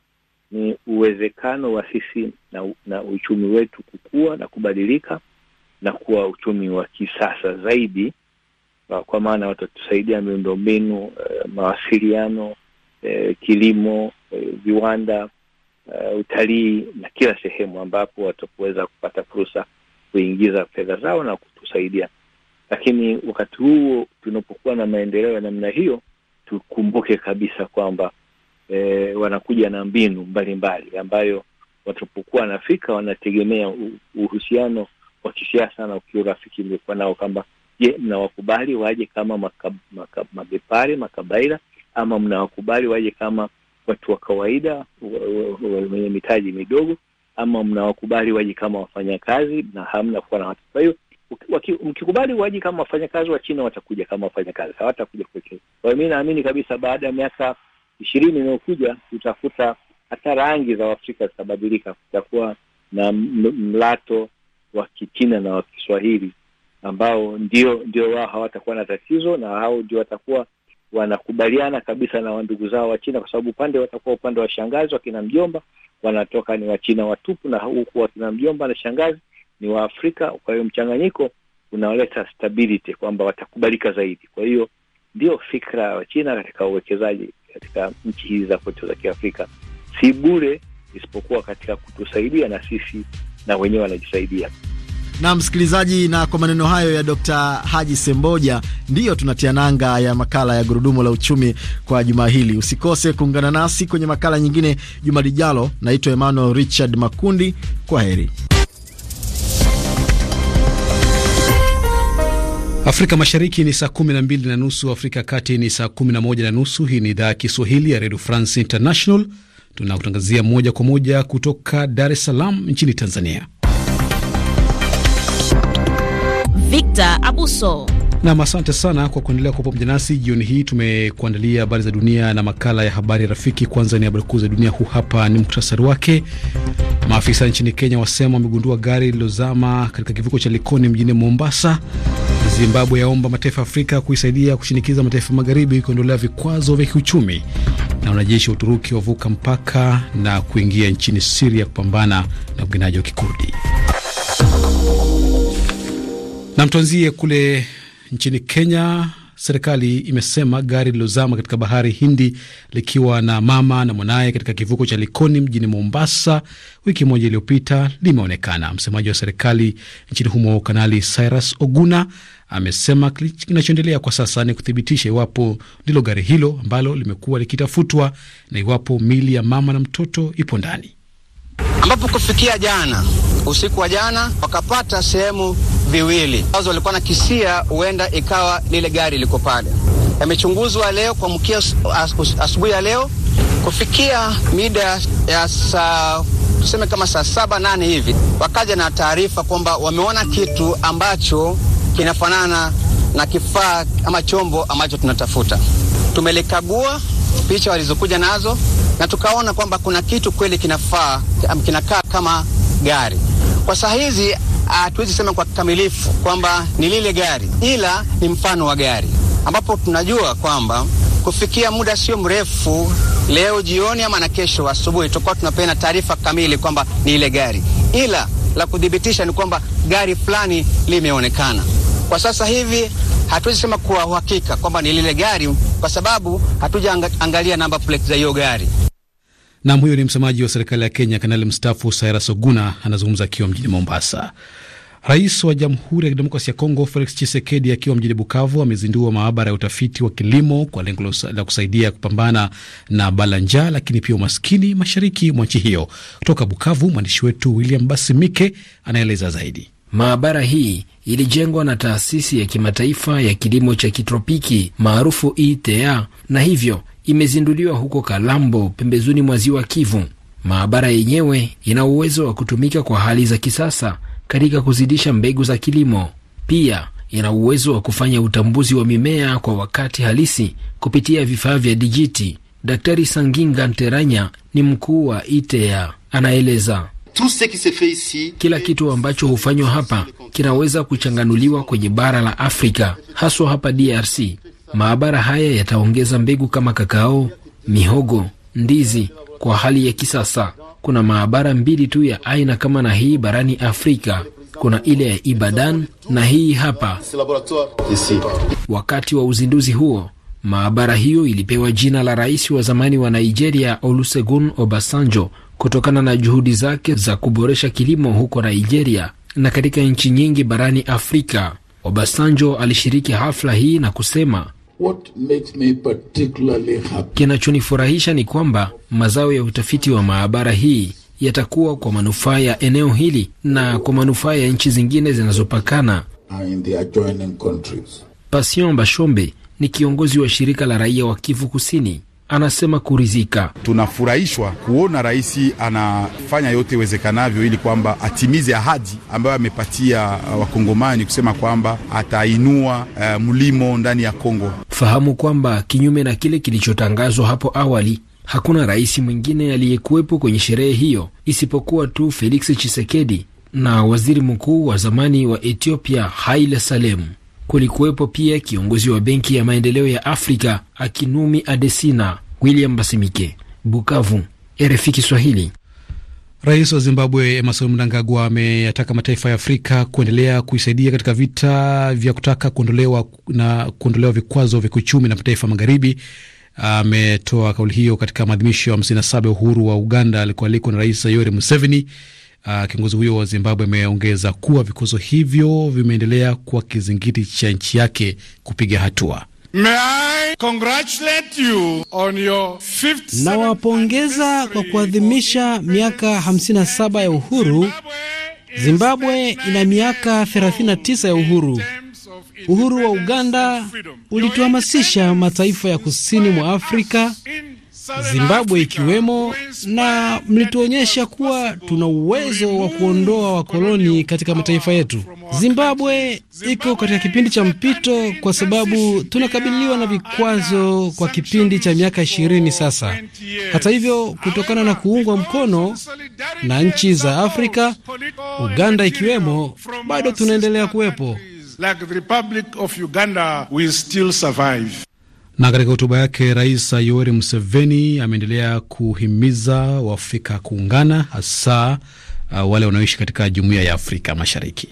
ni uwezekano wa sisi na, na uchumi wetu kukua na kubadilika na kuwa uchumi wa kisasa zaidi, kwa maana watatusaidia miundombinu, eh, mawasiliano, eh, kilimo, eh, viwanda, eh, utalii na kila sehemu ambapo watakuweza kupata fursa kuingiza fedha zao na kutusaidia. Lakini wakati huo tunapokuwa na maendeleo ya namna hiyo, tukumbuke kabisa kwamba e, wanakuja na mbinu mbalimbali mbali, ambayo watapokuwa wanafika wanategemea uhusiano wa kisiasa na kiurafiki uliokuwa nao, kwamba je, mnawakubali waje kama makab, makab, mabepari makabaila ama mnawakubali waje kama watu wa kawaida wenye mitaji midogo ama mnawakubali waje kama wafanyakazi na hamna kuwa na watu. Kwa hiyo mkikubali waje kama wafanyakazi wa China, watakuja kama wafanyakazi, hawatakuja kuwekeza. Kwa hiyo mi naamini kabisa baada ya miaka ishirini inayokuja tutakuta hata rangi za Waafrika zitabadilika. Kutakuwa na mlato wa Kichina na wa Kiswahili ambao ndio ndio wao hawatakuwa na tatizo, na hao ndio watakuwa wanakubaliana kabisa na wandugu zao wa China, kwa sababu upande watakuwa upande wa shangazi, wakina mjomba wanatoka ni Wachina watupu, na huku wakina mjomba na shangazi ni Waafrika. Kwa hiyo mchanganyiko unaoleta stability kwamba watakubalika zaidi. Kwa hiyo ndio fikra ya Wachina katika uwekezaji katika nchi hizi za kwetu za Kiafrika si bure, isipokuwa katika kutusaidia na sisi na wenyewe wanajisaidia. Na msikilizaji, na kwa maneno hayo ya Dkt. Haji Semboja, ndiyo tunatia nanga ya makala ya gurudumu la uchumi kwa juma hili. Usikose kuungana nasi kwenye makala nyingine juma lijalo. Naitwa Emmanuel Richard Makundi, kwa heri. Afrika Mashariki ni saa kumi na mbili na nusu, Afrika ya Kati ni saa kumi na moja na nusu. Hii ni idhaa ya Kiswahili ya Redio France International, tunakutangazia moja kwa moja kutoka Dar es Salaam nchini Tanzania. Victor Abuso nam, asante sana kwa kuendelea kuwa pamoja nasi jioni hii. Tumekuandalia habari za dunia na makala ya habari rafiki. Kwanza ni habari kuu za dunia, huu hapa ni mktasari wake. Maafisa nchini Kenya wasema wamegundua gari lililozama katika kivuko cha Likoni mjini Mombasa. Zimbabwe yaomba mataifa ya Afrika kuisaidia kushinikiza mataifa magharibi kuondolea vikwazo vya kiuchumi. Na wanajeshi wa Uturuki wavuka mpaka na kuingia nchini Siria kupambana na upiganaji wa Kikurdi. Na mtuanzie kule nchini Kenya. Serikali imesema gari lilozama katika bahari Hindi likiwa na mama na mwanaye katika kivuko cha Likoni mjini Mombasa wiki moja iliyopita limeonekana. Msemaji wa serikali nchini humo Kanali Cyrus Oguna amesema kinachoendelea kwa sasa ni kuthibitisha iwapo ndilo gari hilo ambalo limekuwa likitafutwa na iwapo mili ya mama na mtoto ipo ndani, ambapo kufikia jana usiku wa jana wakapata sehemu viwili ambazo walikuwa na kisia huenda ikawa lile gari liko pale. Yamechunguzwa leo kwa mkia asubuhi ya leo kufikia mida ya saa tuseme kama saa saba nane hivi, wakaja na taarifa kwamba wameona kitu ambacho kinafanana na kifaa ama chombo ambacho tunatafuta. Tumelikagua picha walizokuja nazo na tukaona kwamba kuna kitu kweli kinafaa, kinakaa kama gari. Kwa saa hizi ah, hatuwezi sema kwa kikamilifu kwamba ni lile gari, ila ni mfano wa gari, ambapo tunajua kwamba kufikia muda sio mrefu, leo jioni ama na kesho asubuhi, tutakuwa tunapeana taarifa kamili kwamba ni ile gari, ila la kuthibitisha ni kwamba gari fulani limeonekana. Kwa sasa hivi hatuwezi sema kwa uhakika kwamba ni lile gari, kwa sababu hatujaangalia namba plate za hiyo gari. Nam, huyo ni msemaji wa serikali ya Kenya, Kanali mstaafu saira soguna anazungumza akiwa mjini Mombasa. Rais wa Jamhuri ya Kidemokrasia ya Kongo Felix Tshisekedi akiwa mjini Bukavu amezindua maabara ya utafiti wa kilimo kwa lengo la kusaidia kupambana na bala njaa, lakini pia umaskini mashariki mwa nchi hiyo. Kutoka Bukavu, mwandishi wetu William Basimike anaeleza zaidi. Maabara hii ilijengwa na taasisi ya kimataifa ya kilimo cha kitropiki maarufu ITA e na hivyo imezinduliwa huko Kalambo, pembezoni mwa ziwa Kivu. Maabara yenyewe ina uwezo wa kutumika kwa hali za kisasa katika kuzidisha mbegu za kilimo. Pia ina uwezo wa kufanya utambuzi wa mimea kwa wakati halisi kupitia vifaa vya dijiti. Daktari Sanginga Nteranya ni mkuu wa ITEA, anaeleza. Kila kitu ambacho hufanywa hapa kinaweza kuchanganuliwa kwenye bara la Afrika, haswa hapa DRC. Maabara haya yataongeza mbegu kama kakao, mihogo, ndizi kwa hali ya kisasa. Kuna maabara mbili tu ya aina kama na hii barani Afrika. Kuna ile ya Ibadan na hii hapa. Wakati wa uzinduzi huo, maabara hiyo ilipewa jina la rais wa zamani wa Nigeria Olusegun Obasanjo kutokana na juhudi zake za kuboresha kilimo huko Nigeria na katika nchi nyingi barani Afrika. Obasanjo alishiriki hafla hii na kusema kinachonifurahisha ni kwamba mazao ya utafiti wa maabara hii yatakuwa kwa manufaa ya eneo hili na kwa manufaa ya nchi zingine zinazopakana. Pasion Bashombe ni kiongozi wa shirika la raia wa Kivu Kusini anasema kurizika. Tunafurahishwa kuona rais anafanya yote iwezekanavyo ili kwamba atimize ahadi ambayo amepatia uh, Wakongomani, kusema kwamba atainua uh, mlimo ndani ya Kongo. Fahamu kwamba kinyume na kile kilichotangazwa hapo awali hakuna rais mwingine aliyekuwepo kwenye sherehe hiyo isipokuwa tu Felix Tshisekedi na waziri mkuu wa zamani wa Ethiopia Haile Salem. Kulikuwepo pia kiongozi wa Benki ya Maendeleo ya Afrika Akinumi Adesina. William Basimike, Bukavu, RFI Kiswahili. Rais wa Zimbabwe Emerson Mnangagwa ameyataka mataifa ya Afrika kuendelea kuisaidia katika vita vya kutaka kuondolewa na kuondolewa vikwazo vya kiuchumi na mataifa magharibi. Ametoa kauli hiyo katika maadhimisho ya 57 ya uhuru wa Uganda alikoalikwa na Rais Yoweri Museveni. Uh, kiongozi huyo wa Zimbabwe ameongeza kuwa vikwazo hivyo vimeendelea kuwa kizingiti cha nchi yake kupiga hatua. Nawapongeza kwa kuadhimisha miaka 57 ya uhuru. Zimbabwe ina miaka 39 ya uhuru. Uhuru wa Uganda ulituhamasisha mataifa ya kusini mwa Afrika Zimbabwe ikiwemo, na mlituonyesha kuwa tuna uwezo wa kuondoa wakoloni katika mataifa yetu. Zimbabwe iko katika kipindi cha mpito kwa sababu tunakabiliwa na vikwazo kwa kipindi cha miaka ishirini sasa. Hata hivyo, kutokana na kuungwa mkono na nchi za Afrika, Uganda ikiwemo, bado tunaendelea kuwepo. Like the Republic of Uganda will still survive. Na katika hotuba yake Rais Yoweri Museveni ameendelea kuhimiza Waafrika kuungana hasa uh, wale wanaoishi katika jumuiya ya Afrika Mashariki.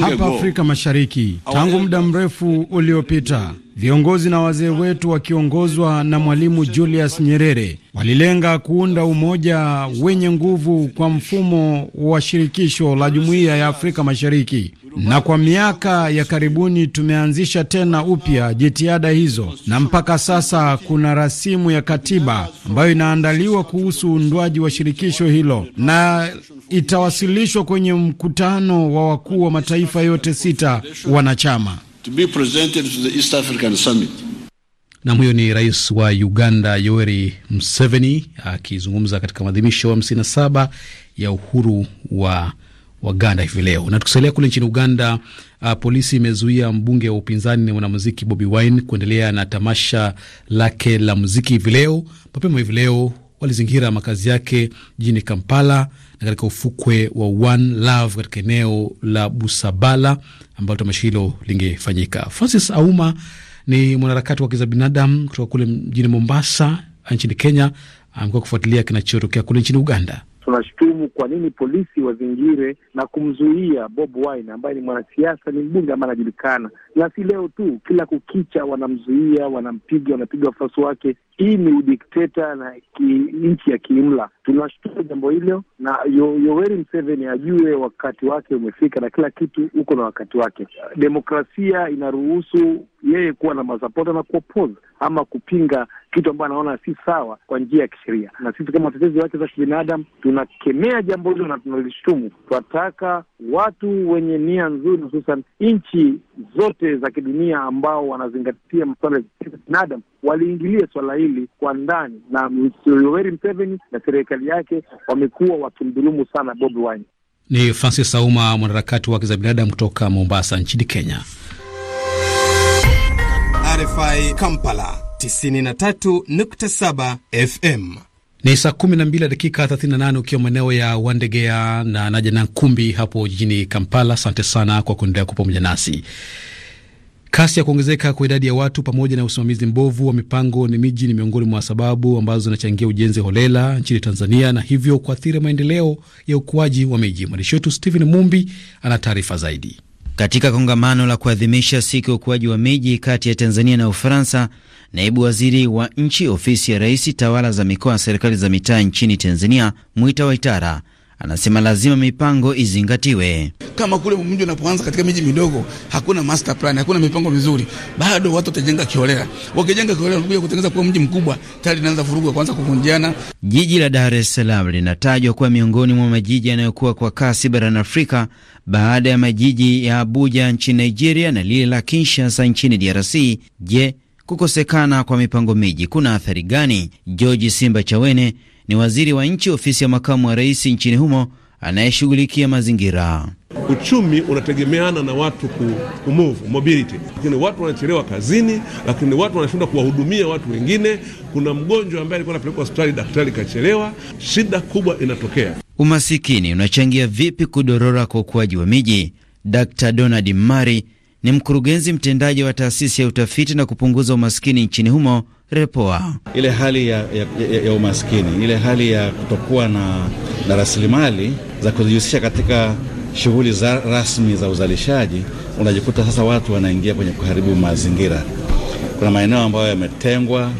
hapa Afrika Mashariki tangu muda mrefu uliopita viongozi na wazee wetu wakiongozwa na Mwalimu Julius Nyerere walilenga kuunda umoja wenye nguvu kwa mfumo wa shirikisho la Jumuiya ya Afrika Mashariki, na kwa miaka ya karibuni tumeanzisha tena upya jitihada hizo, na mpaka sasa kuna rasimu ya katiba ambayo inaandaliwa kuhusu uundwaji wa shirikisho hilo na itawasilishwa kwenye mkutano wa wakuu wa mataifa yote sita wanachama to be presented to the East African Summit. Na huyo ni rais wa Uganda Yoweri Museveni akizungumza katika maadhimisho ya 57 ya uhuru wa Waganda hivi leo. Na tukisalia kule nchini Uganda, uh, polisi imezuia mbunge wa upinzani na mwanamuziki Bobi Wine kuendelea na tamasha lake la muziki hivi leo. Mapema hivi leo walizingira makazi yake jijini Kampala na katika ufukwe wa One Love katika eneo la Busabala ambalo tamasha hilo lingefanyika. Francis Auma ni mwanaharakati wa haki za binadamu kutoka kule mjini Mombasa uh, nchini Kenya. Amekuwa kufuatilia kinachotokea kule nchini Uganda. Tunashutumu kwa nini polisi wazingire na kumzuia Bob Wine ambaye ni mwanasiasa, ni mbunge ambaye anajulikana na si leo tu, kila kukicha wanamzuia, wanampiga, wanapiga wafuasi wake. Hii ni udikteta na nchi ya kiimla. Tunashtuka jambo hilo, na Yoweri Museveni ajue wakati wake umefika, na kila kitu uko na wakati wake. Demokrasia inaruhusu yeye kuwa na masapota na kuopoza ama kupinga kitu ambayo anaona si sawa kwa njia ya kisheria, na sisi kama watetezi wake za kibinadamu tunakemea jambo hilo na tunalishtumu. Tunataka watu wenye nia nzuri, hususan nchi zote zote za kidunia ambao wanazingatia masuala ya binadamu waliingilia swala hili kwa ndani, na Yoweri Museveni na serikali yake wamekuwa wakimdhulumu sana Bobi Wine. Ni Francis Auma, mwanaharakati wa haki za binadamu kutoka Mombasa nchini Kenya. RFI Kampala 93.7 FM. Ni saa 12 na dakika 38 ukiwa maeneo ya Wandegea na Najana Nkumbi hapo jijini Kampala. Asante sana kwa kuendelea kuwa pamoja nasi. Kasi ya kuongezeka kwa idadi ya watu pamoja na usimamizi mbovu wa mipango ni miji ni miongoni mwa sababu ambazo zinachangia ujenzi holela nchini Tanzania na hivyo kuathiri maendeleo ya ukuaji wa miji. Mwandishi wetu Stephen Mumbi ana taarifa zaidi. Katika kongamano la kuadhimisha siku ya ukuaji wa miji kati ya Tanzania na Ufaransa, naibu waziri wa nchi ofisi ya rais, tawala za mikoa ya serikali za mitaa nchini Tanzania, Mwita Waitara anasema lazima mipango izingatiwe. Kama kule mji unapoanza katika miji midogo, hakuna master plan, hakuna mipango mizuri, bado watu watajenga kiholela. Wakijenga kiholela, wanakuja kutengeneza kwa mji mkubwa, tayari inaanza vurugu, kwanza kuvunjiana. Jiji la Dar es Salaam linatajwa kuwa miongoni mwa majiji yanayokuwa kwa kasi barani Afrika baada ya majiji ya Abuja nchini Nigeria na lile la Kinshasa nchini DRC. Je, kukosekana kwa mipango miji kuna athari gani? George Simba Chawene ni waziri wa nchi ofisi ya makamu wa rais nchini humo anayeshughulikia mazingira. Uchumi unategemeana na watu kumove mobility, lakini watu wanachelewa kazini, lakini watu wanashindwa kuwahudumia watu wengine. Kuna mgonjwa ambaye alikuwa anapelekwa hospitali, daktari kachelewa. Shida kubwa inatokea. Umasikini unachangia vipi kudorora kwa ukuaji wa miji? d Donald Mari ni mkurugenzi mtendaji wa taasisi ya utafiti na kupunguza umasikini nchini humo Repoa. Ile hali ya, ya, ya, ya umaskini, ile hali ya kutokuwa na, na rasilimali za kujihusisha katika shughuli za rasmi za uzalishaji, unajikuta sasa watu wanaingia kwenye kuharibu mazingira. Kuna maeneo ambayo yametengwa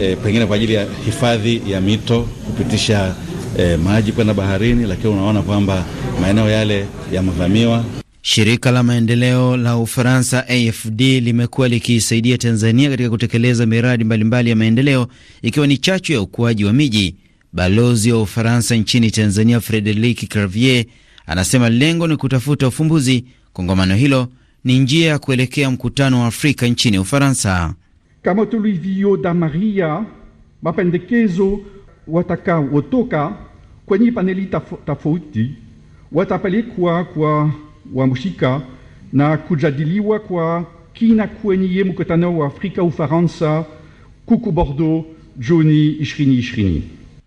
e, pengine kwa ajili ya hifadhi ya mito kupitisha e, maji kwenda baharini, lakini unaona kwamba maeneo yale yamevamiwa. Shirika la maendeleo la Ufaransa AFD limekuwa likiisaidia Tanzania katika kutekeleza miradi mbalimbali ya maendeleo ikiwa ni chachu ya ukuaji wa miji. Balozi wa Ufaransa nchini Tanzania Frederic cravier anasema lengo ni kutafuta ufumbuzi. Kongamano hilo ni njia ya kuelekea mkutano wa Afrika nchini Ufaransa. Kama tulivyo damaria mapendekezo watakaotoka kwenye paneli tofauti watapelekwa kwa wa Mshika na kujadiliwa kwa kina kwenye mkutano wa Afrika Ufaransa kuku Bordeaux Juni 2020.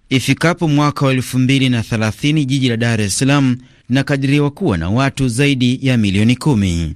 Ifikapo mwaka wa 2030 jiji la Dar es Salaam linakadiriwa kuwa na watu zaidi ya milioni kumi.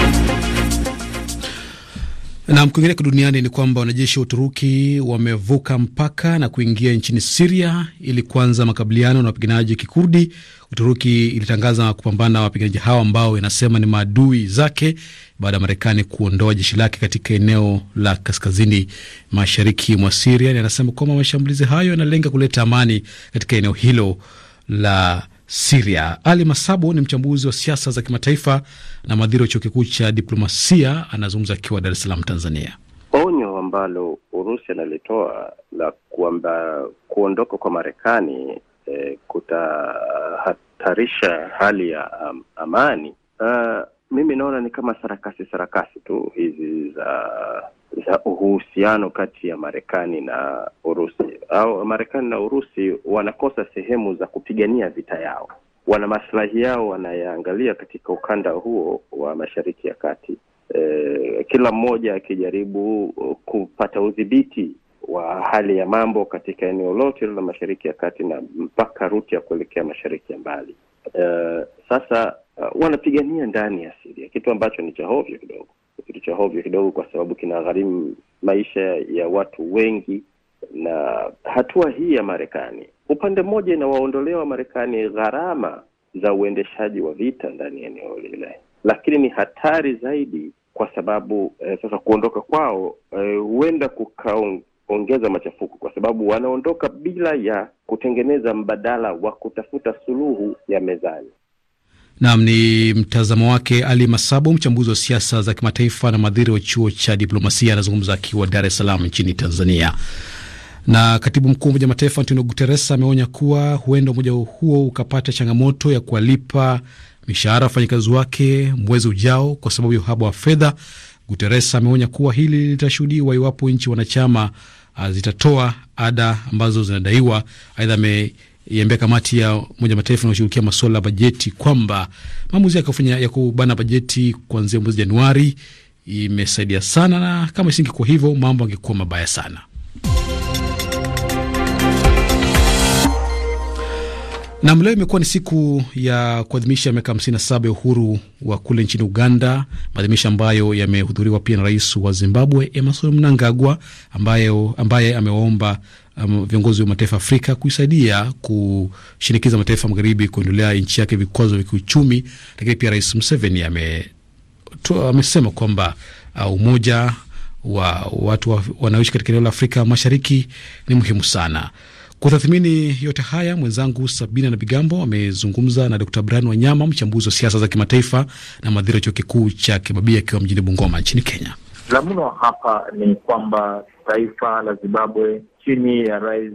Nam, kwingineko duniani ni kwamba wanajeshi wa Uturuki wamevuka mpaka na kuingia nchini Siria ili kuanza makabiliano na wapiganaji Kikurdi. Uturuki ilitangaza kupambana na wapiganaji hao ambao inasema ni maadui zake baada ya Marekani kuondoa jeshi lake katika eneo la kaskazini mashariki mwa Siria. Anasema kwamba mashambulizi hayo yanalenga kuleta amani katika eneo hilo la Siria. Ali Masabu ni mchambuzi wa siasa za kimataifa na mhadhiri wa chuo kikuu cha diplomasia, anazungumza akiwa Dar es Salaam, Tanzania. Onyo ambalo Urusi analitoa la kwamba kuondoka kwa Marekani eh, kutahatarisha hali ya am, amani. Uh, mimi naona ni kama sarakasi sarakasi tu hizi za za uhusiano kati ya Marekani na Urusi au Marekani na Urusi wanakosa sehemu za kupigania vita yao, wana maslahi yao wanayaangalia katika ukanda huo wa Mashariki ya Kati. E, kila mmoja akijaribu uh, kupata udhibiti wa hali ya mambo katika eneo lote la Mashariki ya Kati na mpaka ruti ya kuelekea mashariki ya mbali. E, sasa uh, wanapigania ndani ya Siria, kitu ambacho ni cha hovyo kidogo, kitu cha hovyo kidogo, kwa sababu kinagharimu maisha ya watu wengi. Na hatua hii ya Marekani upande mmoja inawaondolea wa marekani gharama za uendeshaji wa vita ndani ya eneo lile, lakini ni hatari zaidi kwa sababu eh, sasa kuondoka kwao eh, huenda eh, kukaongeza machafuko, kwa sababu wanaondoka bila ya kutengeneza mbadala wa kutafuta suluhu ya mezani. Nam ni mtazamo wake Ali Masabu, mchambuzi wa siasa za kimataifa na mhadhiri wa chuo cha diplomasia, anazungumza akiwa Dar es Salaam nchini Tanzania. Na katibu mkuu wa Umoja Mataifa Antonio Guterres ameonya kuwa huenda umoja huo ukapata changamoto ya kuwalipa mishahara wafanyakazi wake mwezi ujao kwa sababu ya uhaba wa fedha. Guterres ameonya kuwa hili litashuhudiwa iwapo nchi wanachama ah, zitatoa ada ambazo zinadaiwa. Aidha ame iambia kamati ya Umoja Mataifa inayoshughulikia masuala ya bajeti kwamba maamuzi yake kufanya ya kubana bajeti kuanzia mwezi Januari imesaidia sana, na kama isingekuwa hivyo mambo angekuwa mabaya sana. Nam, leo imekuwa ni siku ya kuadhimisha miaka 57 ya uhuru wa kule nchini Uganda, maadhimisho ambayo yamehudhuriwa pia na rais wa Zimbabwe Emmerson Mnangagwa ambayo, ambaye amewaomba um, viongozi wa mataifa Afrika kuisaidia kushinikiza mataifa magharibi kuondolea nchi yake vikwazo vya kiuchumi. Lakini pia Rais Museveni amesema ame kwamba uh, umoja wa watu wa, wanaoishi katika eneo la Afrika Mashariki ni muhimu sana. Kutathmini yote haya, mwenzangu Sabina na Bigambo amezungumza na Dr Brian Wanyama, mchambuzi wa siasa za kimataifa na mhadhiri wa chuo kikuu cha Kibabii akiwa mjini Bungoma nchini Kenya. La mno hapa ni kwamba taifa la Zimbabwe chini ya rais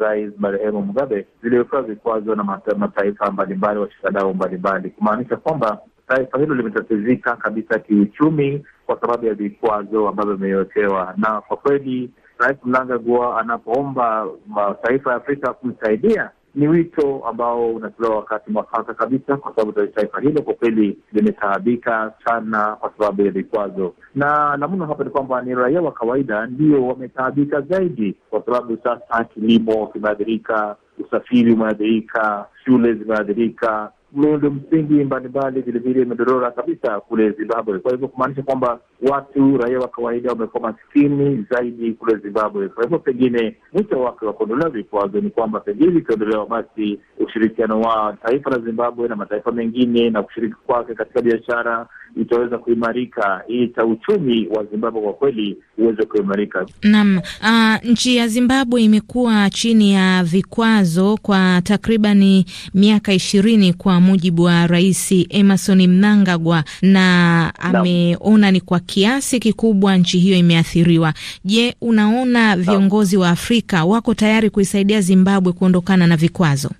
rais marehemu Mugabe ziliwekewa vikwazo na mataifa mbalimbali, washikadau mbalimbali, kumaanisha kwamba taifa hilo limetatizika kabisa kiuchumi kwa sababu ya vikwazo ambavyo vimewekewa. Na kwa kweli Rais Mnangagwa anapoomba mataifa ya Afrika kumsaidia ni wito ambao unatolewa wakati mwafaka kabisa, kwa sababu taifa hilo kwa kweli limetaabika sana kwa sababu ya vikwazo, na muno hapa ni kwamba ni raia wa kawaida ndio wametaabika zaidi, kwa sababu sasa kilimo kimeathirika, usafiri umeathirika, shule zimeathirika miundo msingi mbalimbali vilevile imedorora kabisa kule Zimbabwe. Kwa hivyo kumaanisha kwamba watu raia wa kawaida wamekuwa maskini zaidi kule Zimbabwe. Kwa hivyo pengine mwisho wake wa kuondolewa vikwazo ni kwamba pengine ikiondolewa, basi ushirikiano wa taifa la Zimbabwe na mataifa mengine na kushiriki kwake katika biashara itaweza kuimarika ili uchumi wa Zimbabwe kwa kweli uweze kuimarika. Naam. Uh, nchi ya Zimbabwe imekuwa chini ya vikwazo kwa takribani miaka ishirini kwa mujibu wa Rais Emerson Mnangagwa, na ameona ni kwa kiasi kikubwa nchi hiyo imeathiriwa. Je, unaona viongozi wa Afrika wako tayari kuisaidia Zimbabwe kuondokana na vikwazo?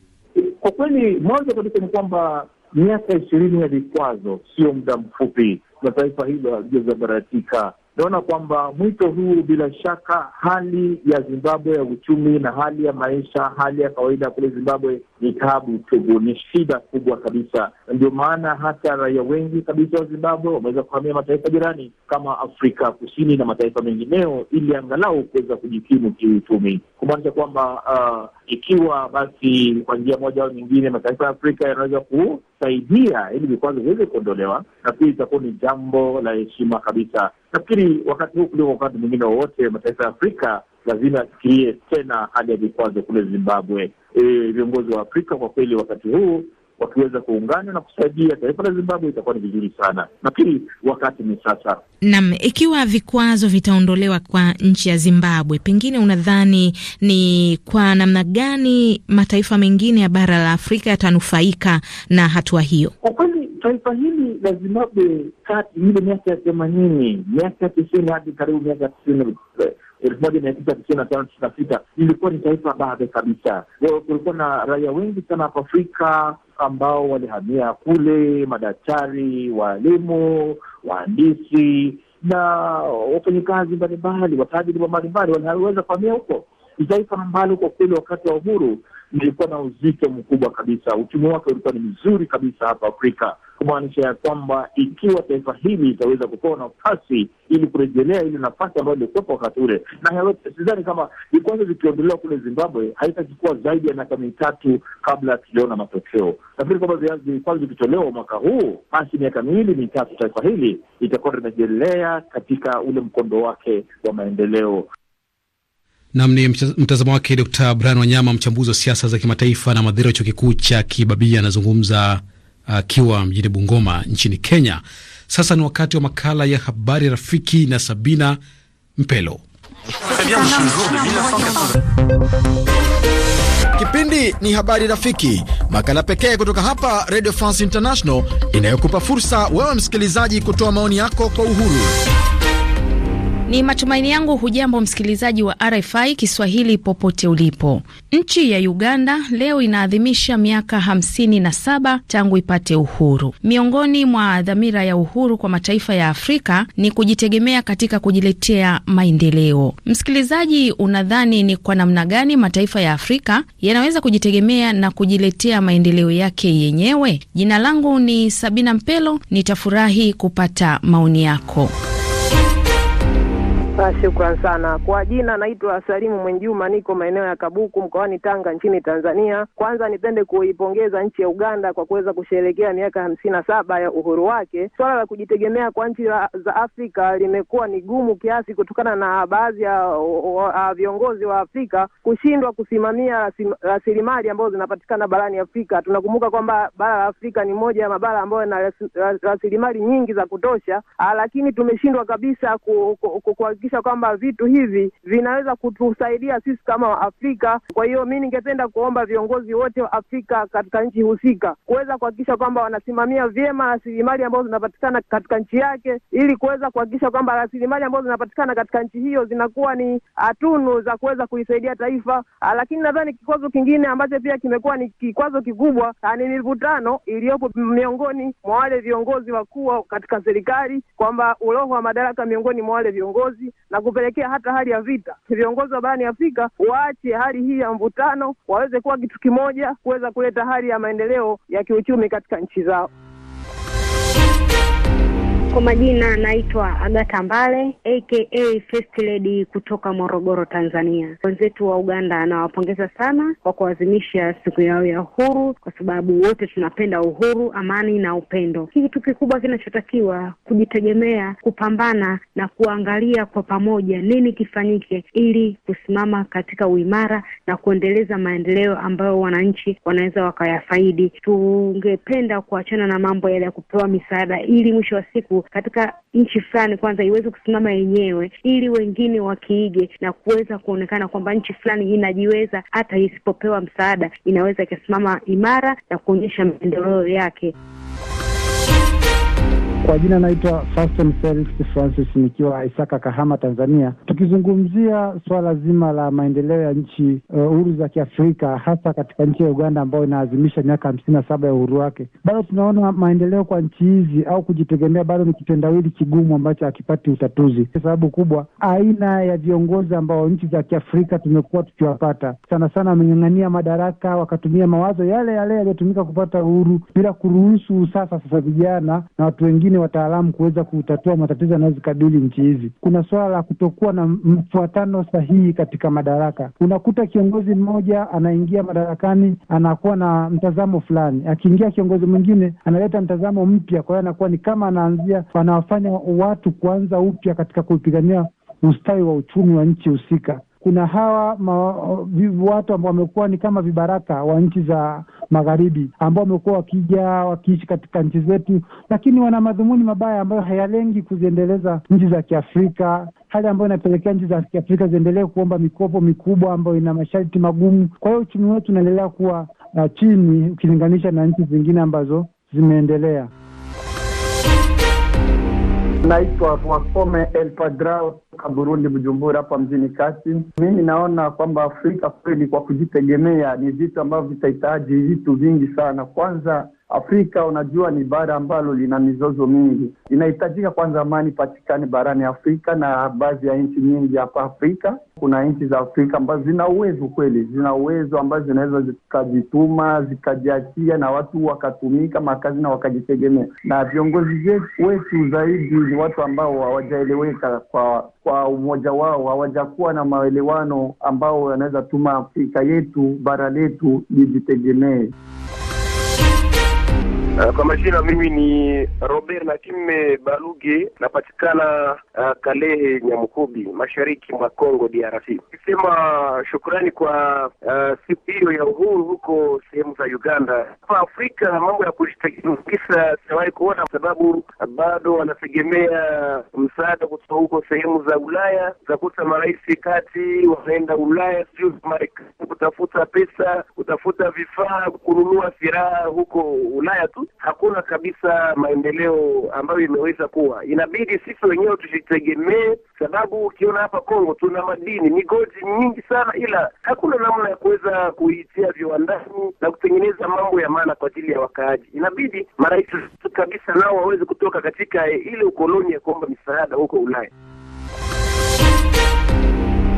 Kwa kweli, mwanzo kabisa ni kwamba miaka ishirini ya vikwazo sio muda mfupi, na taifa hilo halijazabaratika. Naona kwamba mwito huu bila shaka, hali ya Zimbabwe ya uchumi na hali ya maisha, hali ya kawaida kule Zimbabwe ni tabu tubu, ni shida kubwa kabisa. Ndio maana hata raia wengi kabisa wa Zimbabwe wameweza kuhamia mataifa jirani kama Afrika Kusini na mataifa mengineo, ili angalau kuweza kujikimu kiuchumi, kumaanisha kwamba uh, ikiwa basi kwa njia moja au nyingine mataifa ya Afrika yanaweza ku kusaidia ili vikwazo viweze kuondolewa. Nafikiri itakuwa ni jambo la heshima kabisa. Nafikiri wakati huu kuliko wakati mwingine wowote, mataifa ya Afrika lazima yafikirie tena hali ya vikwazo kule Zimbabwe. E, viongozi wa Afrika kwa kweli wakati huu wakiweza kuungana na kusaidia taifa la Zimbabwe itakuwa ni vizuri sana. Nafikiri wakati ni sasa. Naam, ikiwa vikwazo vitaondolewa kwa nchi ya Zimbabwe, pengine unadhani ni kwa namna gani mataifa mengine ya bara la Afrika yatanufaika na hatua hiyo? Kwa kweli taifa hili la Zimbabwe kati ile miaka ya themanini miaka ya tisini hadi karibu miaka tisini elfu moja mia tisa tisini na tano tisini na sita ilikuwa ni taifa bahe kabisa. Kulikuwa na raia wengi sana hapa Afrika ambao walihamia kule, madaktari, waalimu, wahandisi na wafanyakazi mbalimbali, wataajiriwa mbalimbali waliweza kuhamia huko. Ni taifa ambalo kwa kweli wakati wa uhuru lilikuwa na uzito mkubwa kabisa, uchumi wake ulikuwa ni mzuri kabisa hapa Afrika kumaanisha ya kwamba ikiwa taifa hili itaweza kupewa nafasi ili kurejelea ile nafasi ambayo ilikuwepo wakati ule, na sidhani kama vikwazo vikiondolewa kule Zimbabwe haitachukua zaidi ya miaka mitatu kabla tuliona matokeo. Nafikiri kwamba vikwazo vikitolewa mwaka huu, basi miaka miwili mitatu taifa hili itakuwa limejelea katika ule mkondo wake wa maendeleo. Nam ni mtazamo wake Dkt. Brian Wanyama, mchambuzi wa siasa za kimataifa na madhira wa chuo kikuu cha Kibabii, anazungumza akiwa uh, mjini Bungoma nchini Kenya. Sasa ni wakati wa makala ya habari rafiki na Sabina Mpelo. Kipindi ni habari rafiki, makala pekee kutoka hapa Radio France International inayokupa fursa wewe msikilizaji kutoa maoni yako kwa uhuru. Ni matumaini yangu hujambo msikilizaji wa RFI Kiswahili popote ulipo. Nchi ya Uganda leo inaadhimisha miaka 57 tangu ipate uhuru. Miongoni mwa dhamira ya uhuru kwa mataifa ya Afrika ni kujitegemea katika kujiletea maendeleo. Msikilizaji, unadhani ni kwa namna gani mataifa ya Afrika yanaweza kujitegemea na kujiletea maendeleo yake yenyewe? Jina langu ni Sabina Mpelo, nitafurahi kupata maoni yako shukran sana kwa jina, naitwa Salimu Mwenjuma, niko maeneo ya Kabuku mkoani Tanga nchini Tanzania. Kwanza nipende kuipongeza nchi ya Uganda kwa kuweza kusherehekea miaka hamsini na saba ya uhuru wake. Swala la kujitegemea kwa nchi za Afrika limekuwa ni gumu kiasi kutokana na baadhi ya viongozi wa Afrika kushindwa kusimamia rasilimali ambazo zinapatikana barani Afrika. Tunakumbuka kwamba bara la Afrika ni moja ya mabara ambayo yana rasilimali nyingi za kutosha, lakini tumeshindwa kabisa kuhakikisha kuhakikisha kwamba vitu hivi vinaweza kutusaidia sisi kama Waafrika. Kwa hiyo mi ningependa kuomba viongozi wote wa Afrika katika nchi husika kuweza kuhakikisha kwamba wanasimamia vyema rasilimali ambazo zinapatikana katika nchi yake, ili kuweza kuhakikisha kwamba rasilimali ambazo zinapatikana katika nchi hiyo zinakuwa ni atunu ah, za kuweza kuisaidia taifa. Ah, lakini nadhani kikwazo kingine ambacho pia kimekuwa ni kikwazo kikubwa ah, ni mivutano iliyopo miongoni mwa wale viongozi wakuu katika serikali, kwamba uroho wa madaraka miongoni mwa wale viongozi na kupelekea hata hali ya vita. Viongozi wa barani Afrika waache hali hii ya mvutano, waweze kuwa kitu kimoja, kuweza kuleta hali ya maendeleo ya kiuchumi katika nchi zao. Kwa majina naitwa Agata Mbale aka First Lady kutoka Morogoro, Tanzania. Wenzetu wa Uganda nawapongeza sana kwa kuadhimisha siku yao ya uhuru, kwa sababu wote tunapenda uhuru, amani na upendo. Kitu kikubwa kinachotakiwa kujitegemea, kupambana na kuangalia kwa pamoja nini kifanyike ili kusimama katika uimara na kuendeleza maendeleo ambayo wananchi wanaweza wakayafaidi. Tungependa kuachana na mambo yale ya kupewa misaada, ili mwisho wa siku katika nchi fulani kwanza iweze kusimama yenyewe, ili wengine wakiige na kuweza kuonekana kwamba nchi fulani inajiweza, hata isipopewa msaada inaweza ikasimama imara na kuonyesha maendeleo yake. Kwa jina naitwa Faston Felix Francis, nikiwa Isaka, Kahama, Tanzania. Tukizungumzia swala zima la maendeleo ya nchi huru uh, za Kiafrika, hasa katika nchi ya Uganda ambayo inaadhimisha miaka hamsini na saba ya uhuru wake, bado tunaona maendeleo kwa nchi hizi au kujitegemea bado ni kitendawili kigumu ambacho hakipati utatuzi. Kwa sababu kubwa, aina ya viongozi ambao nchi za Kiafrika tumekuwa tukiwapata sana sana, wameng'ang'ania madaraka, wakatumia mawazo yale yale yaliyotumika kupata uhuru bila kuruhusu sasa sasa vijana na watu wengine wengine wataalamu kuweza kutatua matatizo yanayozikabili nchi hizi. Kuna suala la kutokuwa na mfuatano sahihi katika madaraka. Unakuta kiongozi mmoja anaingia madarakani anakuwa na mtazamo fulani, akiingia kiongozi mwingine analeta mtazamo mpya, kwa hiyo anakuwa ni kama anaanzia, anawafanya watu kuanza upya katika kuipigania ustawi wa uchumi wa nchi husika kuna hawa ma, watu ambao wamekuwa ni kama vibaraka wa nchi za magharibi ambao wamekuwa wakija wakiishi katika nchi zetu, lakini wana madhumuni mabaya ambayo hayalengi kuziendeleza nchi za Kiafrika, hali ambayo inapelekea nchi za Kiafrika ziendelee kuomba mikopo mikubwa ambayo ina masharti magumu. Kwa hiyo uchumi wetu unaendelea kuwa uh, chini ukilinganisha na nchi zingine ambazo zimeendelea. Naitwa Wasome El Padrao Burundi, Bujumbura hapa mjini kati. Mimi naona kwamba Afrika kweli kwa kujitegemea ni vitu ambavyo vitahitaji vitu vingi sana. Kwanza Afrika unajua ni bara ambalo lina mizozo mingi. Inahitajika kwanza amani patikane barani Afrika na baadhi ya nchi nyingi hapa Afrika. Kuna nchi za Afrika ambazo zina uwezo kweli, zina uwezo ambazo zinaweza zikajituma zikajiachia na watu wakatumika makazi na wakajitegemea, na viongozi wetu zaidi ni watu ambao hawajaeleweka kwa kwa umoja wao, hawajakuwa na maelewano ambao yanaweza tuma Afrika yetu bara letu lijitegemee. Uh, kwa majina mimi ni Robert Nakime Baluge, napatikana uh, Kalehe Nyamukubi, mashariki mwa Kongo DRC. Nikisema shukrani kwa uh, siku hiyo ya uhuru huko sehemu za Uganda. Hapa Afrika mambo ya kujitegemea kisa kuona, kwa sababu bado wanategemea msaada kutoka huko sehemu za Ulaya. kuta marais kati wanaenda Ulaya, sijui Marekani, kutafuta pesa, kutafuta vifaa, kununua silaha huko Ulaya tu hakuna kabisa maendeleo ambayo imeweza kuwa. Inabidi sisi wenyewe tujitegemee, sababu ukiona hapa Kongo tuna madini migodi nyingi sana, ila hakuna namna ya kuweza kuitia viwandani na kutengeneza mambo ya maana kwa ajili ya wakaaji. Inabidi marais kabisa nao waweze kutoka katika ile ukoloni ya kuomba misaada huko Ulaya.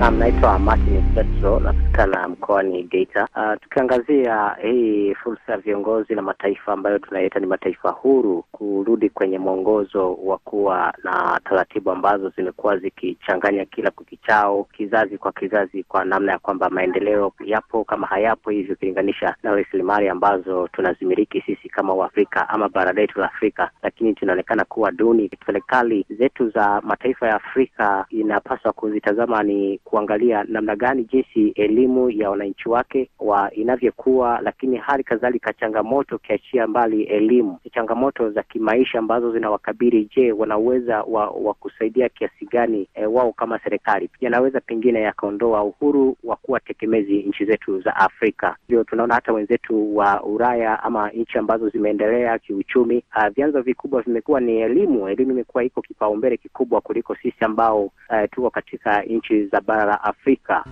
Nam, naitwa Martin Petro, napatikana mkoani Geita. Uh, tukiangazia hii fursa ya viongozi na mataifa ambayo tunaita ni mataifa huru kurudi kwenye mwongozo wa kuwa na taratibu ambazo zimekuwa zikichanganya kila kukichao, kizazi kwa kizazi, kwa namna ya kwamba maendeleo yapo kama hayapo hivi, ukilinganisha na rasilimali ambazo tunazimiliki sisi kama Uafrika ama bara letu la Afrika, lakini tunaonekana kuwa duni. Serikali zetu za mataifa ya Afrika inapaswa kuzitazama ni kuangalia namna gani jinsi elimu ya wananchi wake wa inavyokuwa, lakini hali kadhalika changamoto, ukiachia mbali elimu, changamoto za kimaisha ambazo zinawakabili. Je, wanaweza wa, wa kusaidia kiasi gani e, wao kama serikali yanaweza pengine yakaondoa uhuru wa kuwa tegemezi nchi zetu za Afrika. Ndio tunaona hata wenzetu wa Ulaya ama nchi ambazo zimeendelea kiuchumi, ah, vyanzo vikubwa vimekuwa ni elimu. Elimu imekuwa iko kipaumbele kikubwa kuliko sisi ambao eh, tuko katika nchi za bara para África.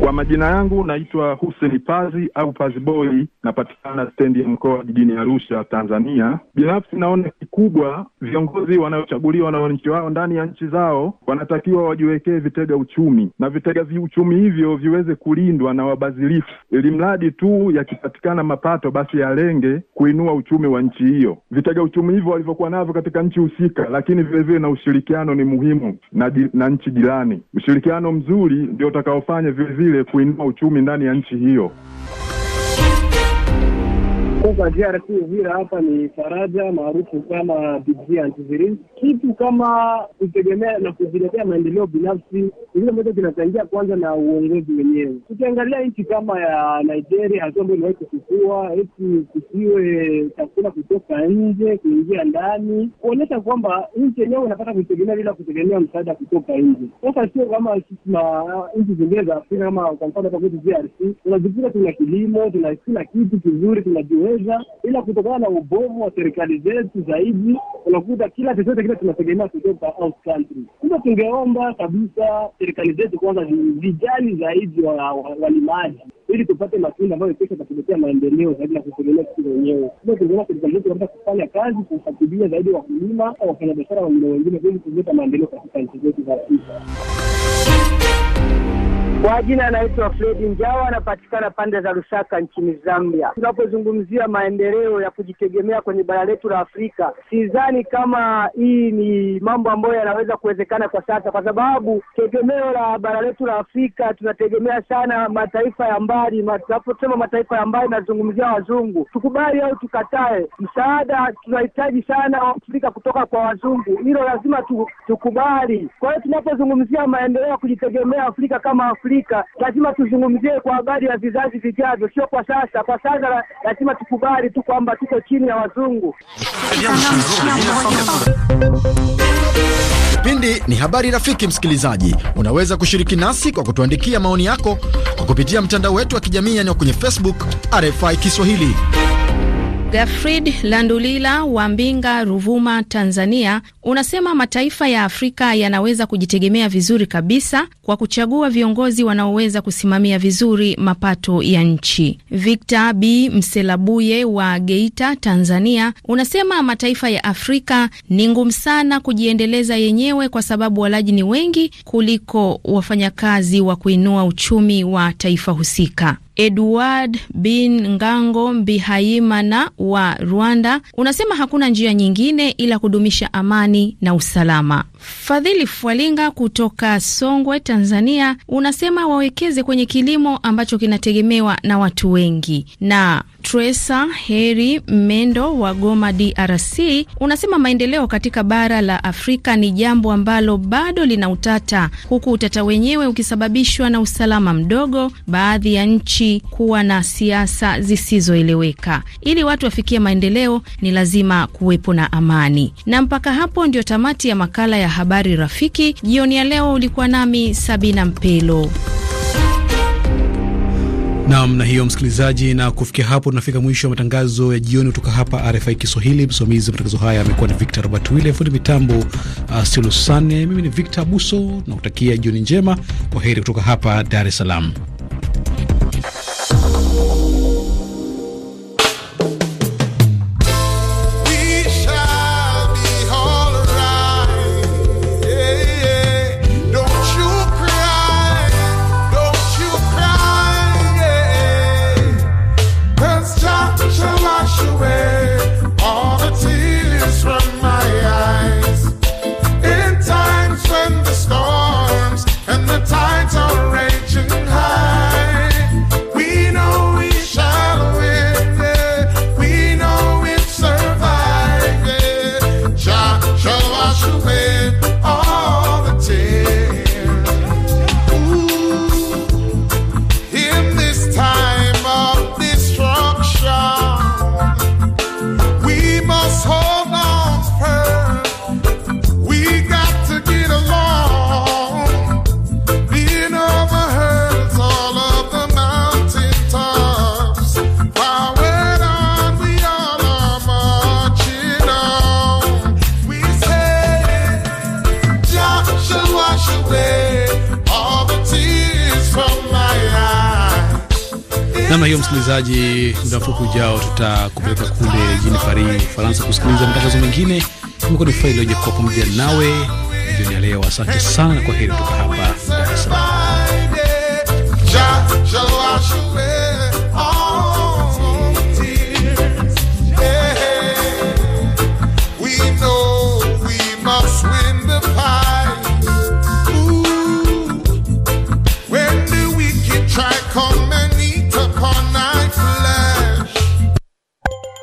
Kwa majina yangu naitwa Hussein Pazi au Pazi Boy, napatikana stendi ya mkoa jijini Arusha, Tanzania. Binafsi naona kikubwa viongozi wanaochaguliwa na wananchi wao ndani ya nchi zao wanatakiwa wajiwekee vitega uchumi na vitega uchumi hivyo viweze kulindwa na wabadhirifu, ili mradi tu yakipatikana mapato basi yalenge kuinua uchumi wa nchi hiyo. Vitega uchumi hivyo walivyokuwa navyo katika nchi husika, lakini vilevile na ushirikiano ni muhimu na, na nchi jirani. Ushirikiano mzuri ndio utakaofanya vilevile ile kuinua uchumi ndani ya nchi hiyo. Kutoka DRC Uvira hapa ni Faraja maarufu kama DJ Antivirus. Kitu kama kutegemea na kuzingatia maendeleo binafsi ingine ambacho kinachangia kwanza na uongozi wenyewe. Tukiangalia nchi kama ya Nigeria, hatua ambayo iliwahi kuchukua eti kusiwe chakula kutoka nje kuingia ndani, kuonyesha kwamba nchi yenyewe inapata kutegemea bila kutegemea msaada kutoka nje. Sasa sio kama na nchi zingine za Afrika kama kwa mfano hapa kwetu DRC, tunajikuta tuna kilimo, tuna kila kitu kizuri, tunajua kuendeleza, ila kutokana na ubovu wa serikali zetu zaidi unakuta kila chochote kile tunategemea kutoka out country. Sasa tungeomba kabisa serikali zetu kwanza vijali zaidi walimaji wa, wa ili tupate matunda ambayo kesha atatuletea maendeleo zaidi na kutegemea sisi wenyewe. Hiyo tungeona serikali zetu kabisa kufanya kazi kufatilia zaidi wakulima au wafanyabiashara wengine wengine ili kuleta maendeleo katika nchi zetu za Afrika. Kwa jina anaitwa Fredi Njawa, anapatikana pande za Lusaka nchini Zambia. Tunapozungumzia maendeleo ya kujitegemea kwenye bara letu la Afrika, sidhani kama hii ni mambo ambayo yanaweza kuwezekana kwa sasa, kwa sababu tegemeo la bara letu la Afrika tunategemea sana mataifa ya mbali. Tunaposema mataifa ya mbali, nazungumzia wazungu. Tukubali au tukatae, msaada tunahitaji sana Afrika kutoka kwa wazungu, hilo lazima tukubali. Kwa hiyo tunapozungumzia maendeleo ya kujitegemea Afrika kama Afrika Afrika lazima tuzungumzie kwa habari ya vizazi vijavyo, sio kwa sasa. Kwa sasa lazima tukubali tu kwamba tuko chini ya wazungu. Kipindi ni habari rafiki. Msikilizaji, unaweza kushiriki nasi kwa kutuandikia maoni yako kwa kupitia mtandao wetu wa kijamii, yani kwenye Facebook RFI Kiswahili. Gafrid Landulila wa Mbinga, Ruvuma, Tanzania, unasema mataifa ya Afrika yanaweza kujitegemea vizuri kabisa kwa kuchagua viongozi wanaoweza kusimamia vizuri mapato ya nchi. Victor B Mselabuye wa Geita, Tanzania, unasema mataifa ya Afrika ni ngumu sana kujiendeleza yenyewe kwa sababu walaji ni wengi kuliko wafanyakazi wa kuinua uchumi wa taifa husika. Edward Bin Ngango Bihayimana wa Rwanda unasema hakuna njia nyingine ila kudumisha amani na usalama. Fadhili Fwalinga kutoka Songwe, Tanzania, unasema wawekeze kwenye kilimo ambacho kinategemewa na watu wengi. Na Tresa Heri Mendo wa Goma, DRC, unasema maendeleo katika bara la Afrika ni jambo ambalo bado lina utata, huku utata wenyewe ukisababishwa na usalama mdogo, baadhi ya nchi kuwa na siasa zisizoeleweka. Ili watu wafikie maendeleo, ni lazima kuwepo na amani. Na mpaka hapo ndio tamati ya makala ya habari rafiki. Jioni ya leo ulikuwa nami Sabina Mpelo. Nam na hiyo msikilizaji, na kufikia hapo tunafika mwisho wa matangazo ya jioni kutoka hapa RFI Kiswahili. Msimamizi wa matangazo haya amekuwa ni Victor Robert Wille, fundi mitambo uh, Silusane. Mimi ni Victor Abuso, nakutakia jioni njema. Kwa heri kutoka hapa Dar es Salaam. msikilizaji, muda mfupi ujao tutakupeleka kule jijini Paris, Ufaransa, kusikiliza matangazo mengine. Imekuwa ni furaha pamoja nawe jioni ya leo. Asante sana, kwa heri kutoka hapa